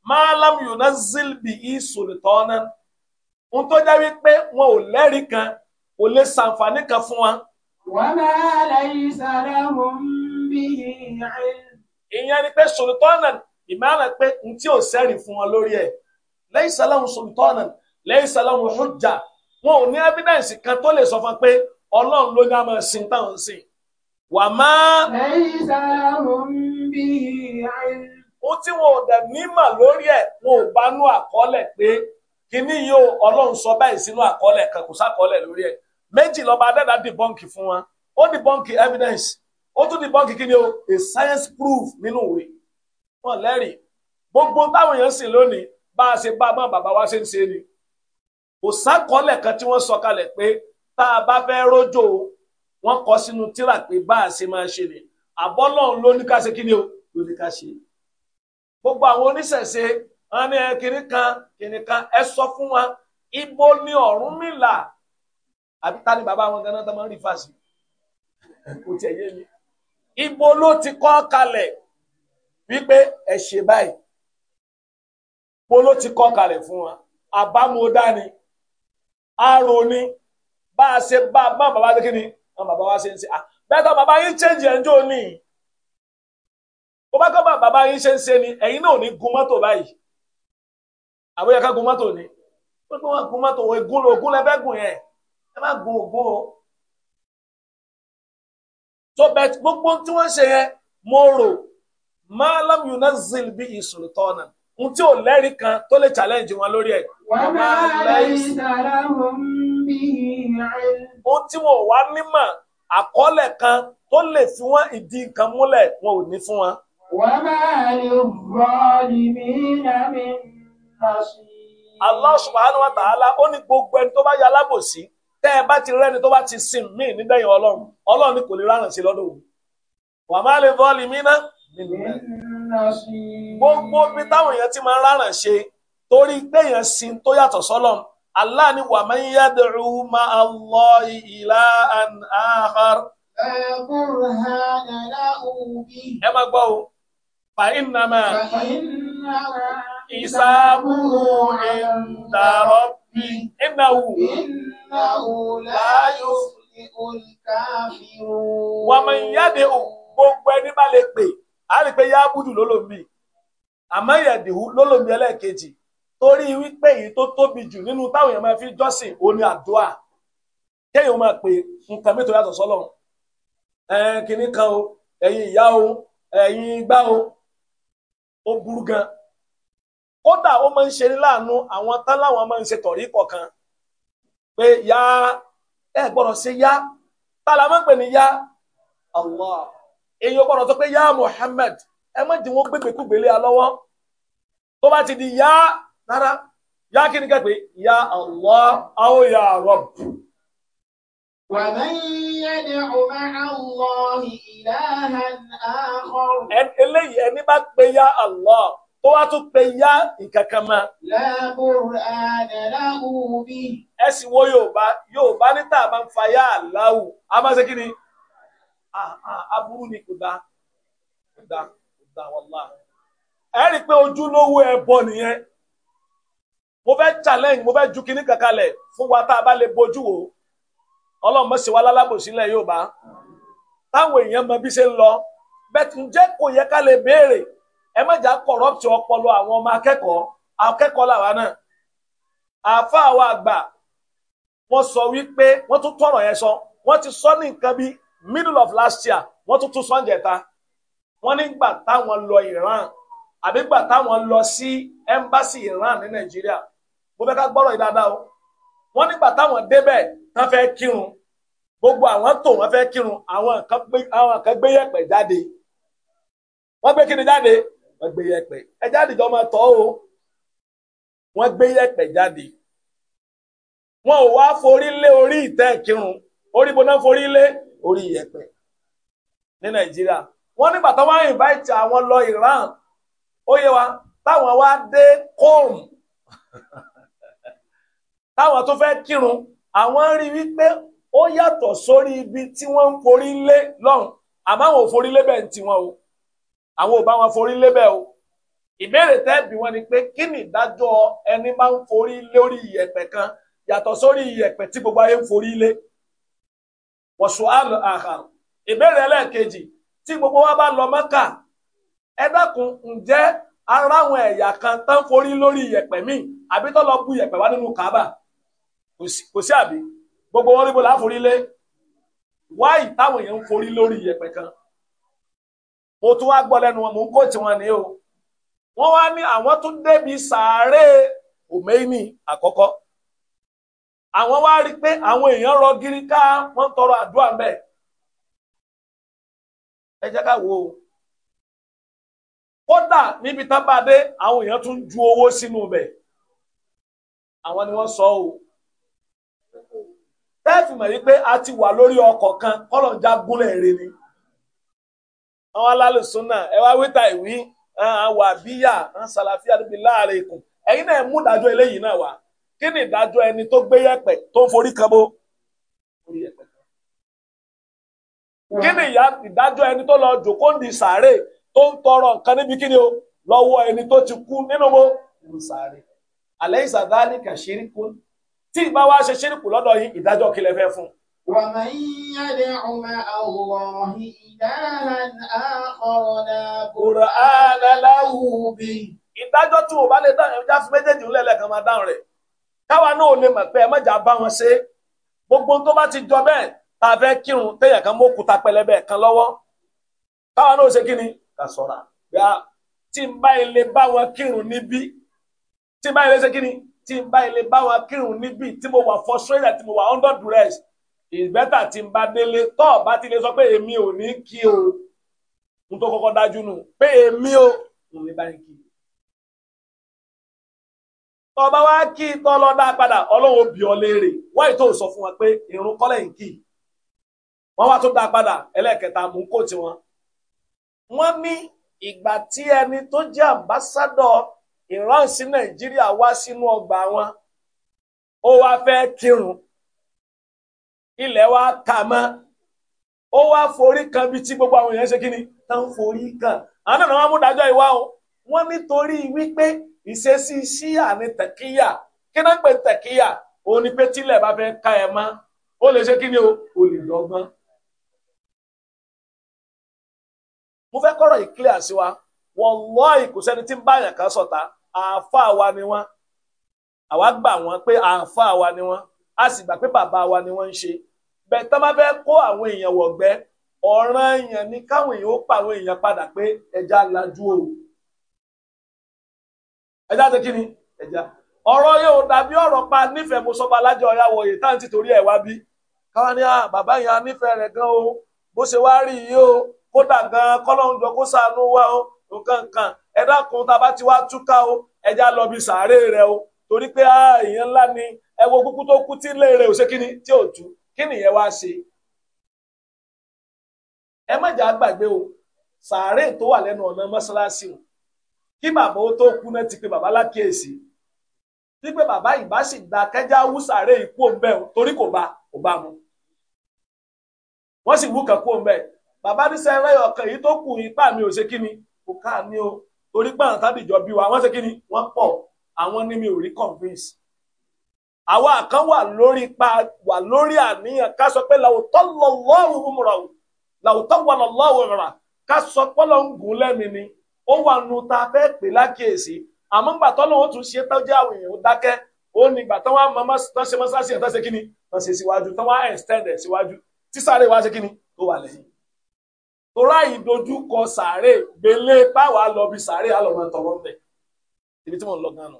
máàlám yunazil bí ìsòlítọ́nà ń tó já wípé wọn ò lẹ́rìí kan kò lè ṣàǹfààní kan fún wa. wọ́n máa
lẹ́yìn sára wọn bí
ìyẹn ni pé sòlítọ́nà ìmáàlá pé n tí ò sẹ́rìí fún wọn lórí ẹ̀ lẹ́yìn sáláhùn sòlítọ́nà lẹ́yìn sáláhùn hujja wọn ò ní evidence kan tó lè sọ fún pé ọlọ́run ló ní a máa sin táwọn sìn wà má. lẹ́yìn sára
mo ń bí àìní.
ó tí wọn ò dẹ̀ nímọ̀ lórí ẹ̀ wọn ò bá nú àkọọ́lẹ̀ pé kíní yìí ó ọlọ́run sọ báyìí sínú àkọọ́lẹ̀ kan kò lórí ẹ̀ méjì lọ́ba adẹ́dá dìbọ́ǹkì fún wa ó dìbọ́ǹkì evidence ó tún dìbọ́ǹkì kíni o a science proof nínú ìwé wọn lẹ́rìí gbogbo táwọn èèyàn sì lónìí bá a ṣe bá a mọ bàbá wa ṣe ń ṣe ni kò sákọọ́lẹ̀ kan tí wọ́n sọ kalẹ̀ pé tá a bá fẹ́ rójò wọ́n kọ sínú tíra pé bá a ṣe máa ṣe ni àbọ́lọ́hún ló ní ká kí ni o ló ní gbogbo àwọn oníṣẹ̀ṣe wọn ní kiri kan kiri kan ẹ sọ fún wa ibo ni Ọ̀rúnmìlà àbí ta ni bàbá wọn ganan tó máa ń rí fàṣì kò tiẹ̀ yé mi. ibo ló ti kọ́ kalẹ̀ wípé ẹ ṣe báyìí bó ló ti kọ́ kalẹ̀ fún wa àbámu dání arò ni bá a ṣe bá a bá bàbá dé kí ni àwọn bàbá wa ṣe ń ṣe à ah, bẹ́ẹ̀ tó bàbá yín change ẹ̀ ń jó ní bá bàbá yín ṣe ń ṣe ni ẹ̀yin náà ò ní gun mọ́tò báyìí àbóyá ká gun mọ́tò ni wọ́n tún wọ́n gun mọ́tò ògùn lògùn lẹ́fẹ́ gùn yẹn ẹ má gun ògùn o. tó bẹ́ẹ̀ gbogbo tí wọ́n ṣe yẹn mo rò malam yunazil bí ìsòlítọ́nà ohun tí ò lẹ́rìí kan tó lè challenge wọn lórí ẹ̀. wàhálà ìsàlà wọn bí i ohun tí wọn ò wá nímọ̀ àkọọ́lẹ̀ kan tó lè fi wọ́n ìdí nǹkan múlẹ̀ wọn ò ní fún wọn. Allah subhanahu wa ta'ala ó ní gbogbo ẹni tó bá yà alábòsí tẹ́ ẹ bá ti rẹ́ni tó bá ti sin mí nígbẹ̀yìn ọlọ́run ọlọ́run ni kò lè ráràn sí lọ́dọ̀ òun. wà má lè bọ́ lè mí ná. gbogbo ibi táwọn èèyàn ti máa ráràn ṣe torí pé sin tó yàtọ̀ sọ́lọ́run Allah ni wa man yad'u ma'a Allahi ilahan akhar. ẹ máa gbọ́ o fa innama hisabuhu inda rabbi innahu la
yuflihul kafirun. wa man yad'u
gbogbo ẹni bá lè pè á rí i pé yábùdù lólòmí àmọ́ ìyàdìhù lólòmí ẹlẹ́ẹ̀kejì torí wípé èyí tó tóbi jù nínú táwọn èèyàn máa fi jọ́sìn òní àdúrà kéèyàn máa pè nǹkan mi tó yàtọ̀ sọ́lọ̀ ẹ̀ẹ́n kìíní kan o ẹ̀yin ìyá o ẹ̀yin igbá o ó burú gan kódà ó máa ń ṣe ní láàánú àwọn tán láwọn máa ń ṣe tọ̀rí kọ̀ọ̀kan pé ya ẹ gbọ́dọ̀ ṣe ya tá a la máa ń pè ní ya Allah èyí ó gbọ́dọ̀ sọ pé ya Muhammad ẹ má dìwọ́n gbégbèkúgbélé alọ́wọ́ tó bá ti di ya rárá yá kí ni kẹ́pẹ́ ya Allah aw ya Rabb. ومن
يدع مع الله إلها
آخر eléyìí ẹni bá pe ya Allah tó wá tún pe ya ìkankan mọ́.
la burhana lahu bihi.
ẹ sì wo yorùbá yorùbá ní tá a máa ń fa ya Allah a máa ṣe kí ni aburú ni kò dá kò dá kò dá wàlá ẹ rí i pé ojúlówó ẹbọ nìyẹn mo fẹ́ challenge mo fẹ́ ju kinní kankan lẹ̀ fún wa tá a bá lè bójú wo ọlọ́run mọ̀ sí wa lálábòsílẹ̀ yóò bá táwọn èèyàn mọ bí ṣe ń lọ bẹ́ẹ̀ ǹjẹ́ kò yẹ ká lè béèrè ẹ má jà corrupt ọpọlọ àwọn ọmọ akẹ́kọ̀ọ́ akẹ́kọ̀ọ́ làwa náà àáfàá wa àgbà wọ́n sọ wípé wọ́n tún tọ̀rọ̀ yẹn sọ wọ́n ti sọ ní nǹkan bíi middle of last year wọ́n tún tún sọ́njẹ̀ta wọ́n nígbà táwọn lọ Iran àbí gbà táwọn lọ sí embassy Iran ní Nàìjíríà mo fẹ́ ká gbọ́rọ̀ yìí dáadáa o wọ́n nígbà táwọn débẹ̀ tán fẹ́ kírun gbogbo àwọn tó wọn fẹ́ kírun àwọn kan gbé jáde wọ́n gbé kíni jáde wọ́n gbé ẹ jáde jọ máa tọ́ o wọ́n gbé jáde wọn ò wá forí lé orí ìtẹ́ kírun orí bo náà forí lé orí ní nàìjíríà wọ́n nígbà wá àwọn lọ iran ó yẹ wa táwọn wá dé táwọn tó fẹ́ kírun àwọn rí wípé ó yàtọ̀ sórí ibi tí wọ́n ń forí lé lọ́hùn àmọ́ àwọn ò forí lé bẹ́ẹ̀ ti wọn o àwọn ò bá wọn forí lé bẹ́ẹ̀ o ìbéèrè tẹ́ẹ̀bì wọn ni pé kí ni ìdájọ́ ẹni máa ń forí lórí ìyẹ̀pẹ̀ kan yàtọ̀ sórí ìyẹ̀pẹ̀ tí gbogbo ayé ń forí lé wọ̀ṣù àlọ́ àhàrùn ìbéèrè ẹlẹ́ẹ̀kejì tí gbogbo wa bá lọ mọ́kà ẹ dákun ǹjẹ́ ara àwọn ẹ̀yà kan tán forí lórí ìyẹ̀pẹ̀ míì àbí tó lọ bu ìyẹ̀pẹ̀ wá nínú Kaaba kò sí àbí gbogbo wọn níbo láforí lé wáyì táwọn èèyàn ń forí lórí yẹ̀pẹ̀ kan mo tún wá gbọ́ lẹ́nu wọn mò ń kó tiwọn ní o wọ́n wá ní àwọn tún débi sàárè òmẹ́ni àkọ́kọ́ àwọn wá rí i pé àwọn èèyàn rọ gírí ká wọ́n tọrọ àdúrà mẹ́ẹ̀ ẹ jẹ́ ká wò ó kódà níbi tá bá dé àwọn èèyàn tún ju owó sínú bẹ̀ àwọn ni wọ́n sọ ọ́ lẹ́ẹ̀fì mọ̀ pé a ti wà lórí ọkọ̀ kan kọ́lọ̀ kọ́lọ̀njá gúnlẹ̀ rẹ ni. àwọn alálùsúnà ẹ wá wíta ìwí àwọn àbíyà sàlàfíà níbi láàrin ikùn ẹ̀yin náà mú ìdájọ́ eléyìí náà wá kí ni ìdájọ́ ẹni tó gbé yẹ̀pẹ̀ tó ń forí kan bó. kí ni ìdájọ́ ẹni tó lọ jòkó ń di sàárè tó ń tọrọ nǹkan níbi kí ni o lọ́wọ́ ẹni tó ti kú nínú bó. sàárè àlẹ́ ìsàdá ní kàṣírí kún tí ìgbà wa ṣe ṣírìkù lọ́dọ̀ yín ìdájọ́ kí lẹ fẹ́ fún. ومن يدع مع الله
إلها آخر
لا برهان له به ìdájọ́ tí o bá lè dáhùn ẹja fún méjèèjì ńlẹ̀lẹ̀ kan máa dáhùn rẹ̀ káwa náà ò lè mọ̀ pé ẹ mọ̀jà bá wọn ṣe gbogbo tó bá ti jọ bẹ́ẹ̀ tá a fẹ́ kírun téèyàn kan mọ́ òkúta pẹlẹbẹ kan lọ́wọ́ káwa náà ṣe kí ni kà sọ̀ra tí ń bá ilé bá wọn kírun níbí tí ń bá ilé ṣe kí ni tí n bá ilé bá wọn kírun níbí tí mo wà frustrated tí mo wà under duress it's better tí n bá délé tó bá ti lè sọ pé èmi ò ní kí o n tó kọ́kọ́ dájú nù pé èmi ò n lè bá ń kí tó bá wá kí tó lọ dá padà ọlọ́run òbí ọ léèrè wáyé tó sọ fún wọn pé irun kọ́lẹ̀ ń kì í wọ́n wá tó dá padà ẹlẹ́ẹ̀kẹta mú kó tiwọn wọ́n ní ìgbà tí ẹni tó jẹ́ àmbásádọ̀ ìran nàìjíríà wá sínú ọgbà wọn ó wá fẹ́ kírun ilẹ̀ wa ta mọ́ ó wá forí kan bíi tí gbogbo àwọn èèyàn ṣe kí ni tán forí kan àwọn náà wọn mú dájọ́ ìwá o wọn nítorí wípé ìṣesí ṣíà ní tẹ̀kíyà kí náà pè tẹ̀kíyà òun ni pé tílẹ̀ bá fẹ́ ká ẹ mọ́ ó lè ṣe kí ni o ò lè dọ́gbọ́n. mo fẹ́ kọ́rọ̀ yìí clear sí wa wọlọ́ọ̀ì kò sẹ́ni tí ń báyàn kan sọ̀tà àáfà wa ni wọ́n àwa gbà wọ́n pé àáfà wa ni wọ́n a sì gbà pé bàbá wa ni wọ́n ń ṣe bẹ́ẹ̀ tá bá fẹ́ kó àwọn èèyàn wọ̀gbẹ́ ọ̀ràn èèyàn ni káwọn èèyàn ó pa àwọn èèyàn padà pé ẹja lajú o ẹja ti kí ni ẹja ọ̀rọ̀ yóò dàbí ọ̀rọ̀ pa nífẹ̀ẹ́ mo sọ́ba alájọ ọ̀yá wọ̀nyí táwọn ti torí ẹ̀ wá bí káwọn ní ah, bàbá yẹn á nífẹ̀ẹ́ rẹ̀ gan o bó ṣe wá rí yìí o kódà gan kọ́lọ́hún jọ kó sànú wá o nǹkan nǹkan ẹ dákun tá a bá ti wá túká o ẹ lọ bí sàárè rẹ o torí pé èèyàn ńlá ni ẹ wo kúkú tó kú tí ilé rẹ ò ṣe kíni tí ò tú kí nìyẹn wá ṣe. ẹ má jà gbàgbé o sàárè tó wà lẹ́nu ọ̀nà mọ́ṣáláṣí o kí bàbá ó tó kú náà ti pe bàbá lákìyèsí wípé bàbá ìbá sì da kẹjá wú sàárè ikú òǹbẹ o torí kò bá kò bá mu wọn sì wú kankú òǹbẹ bàbá ní sẹ́rẹ́ ọkàn èyí tó kù ipá mi ò ṣe kíni kò ká ní o torí pé àwọn tábìjọ bí wa wọ́n ṣe kí ni wọ́n pọ̀ àwọn ní mi ò rí convince àwa kan wà lórí pa wà lórí àníyàn ká sọ pé làwùtọ́ lọ́wọ́ òmùrọ̀ làwùtọ́ wà lọ́wọ́ òmùrọ̀ ká sọ pé lọ́ngùn lẹ́mìí ni ó wà nù ta fẹ́ pè lákèésí àmọ́ ń gbà tọ́lọ́ ó tún ṣe tọ́jú àwọn èèyàn dákẹ́ ó ní ìgbà tán wàá mọ́mọ́ tán ṣe mọ́sáàsì ẹ̀ tán ṣe kíni tán ṣe síwájú tán wàá extend ẹ̀ síwájú tí sáré wàá ṣe kíni tó wà lẹ́yìn. torá ìdojúkọ sàárè gbélé báwa lọ bí sàárè àlọ́mọ tọrọ ń bẹ̀ ibi tí mo ń lọ gan nù.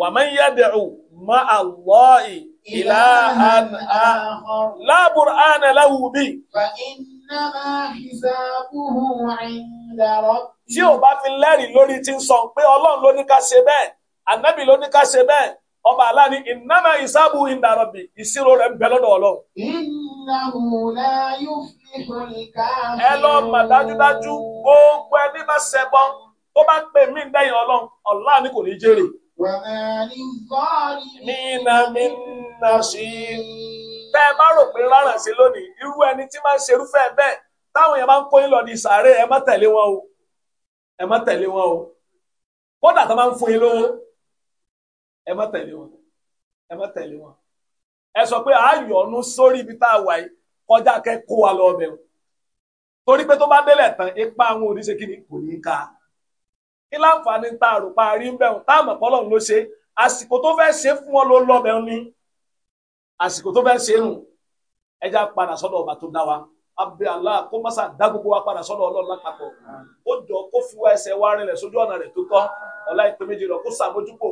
wa man yad'u ma'a Allahi ilahan
akhar la burhana lahu bihi. fa innama hisabuhu 'inda rabbih.
tí o bá fi lẹ́rìí lórí tí ń sọ pé ọlọ́run ló ní ká ṣe bẹ́ẹ̀ ànábì ló ní ká ṣe bẹ́ẹ̀ ọba aláàní innama hisabuhu 'inda rabbih ìṣirò rẹ̀ ń bẹ lọ́dọ̀ ọlọ́run.
la ẹ lọ
mà dájúdájú gbogbo ẹni bá ṣẹbọ tó bá pè mí lẹ́yìn Ọlọ́run ọlá ni kò ní jèrè. nínà mí nà sí. tẹ́ ẹ bá rò pé ráràn sí lónìí irú ẹni tí máa ń ṣerúfẹ́ bẹ́ẹ̀ táwọn yẹn máa ń kó yín lọ ní sàárè ẹ má tẹ̀lé wọn o ẹ má tẹ̀lé wọn o kódà tó máa ń fún yín lówó ẹ má tẹ̀lé wọn ẹ má tẹ̀lé wọn ẹ sọ pé àá yọ̀ọ́nú sórí ibi tá a wà yìí kọjá kẹ́ kó wa lọ ọbẹ̀ o torí pé tó bá délẹ̀ tán ipa àwọn oníṣẹ́ kí ni kò ní ká kí láǹfààní tá a rò pa rí ń bẹ̀ wọn táàmù ọ̀pọ̀lọ́ ló ṣe àsìkò tó fẹ́ ṣe fún wọn ló lọ́bẹ̀ ní àsìkò tó fẹ́ ṣe nù ẹja padà sọ́dọ̀ ọba tó dá wa abẹ Allah kó mọ́sà dá gbogbo wa padà sọ́dọ̀ ọlọ́run lápapọ̀ ó jọ kó fi wá ẹsẹ̀ wa rinlẹ̀ sójú ọ̀nà rẹ̀ tó tọ́ ọ̀la ìpè méjì lọ kó ṣàmójúkò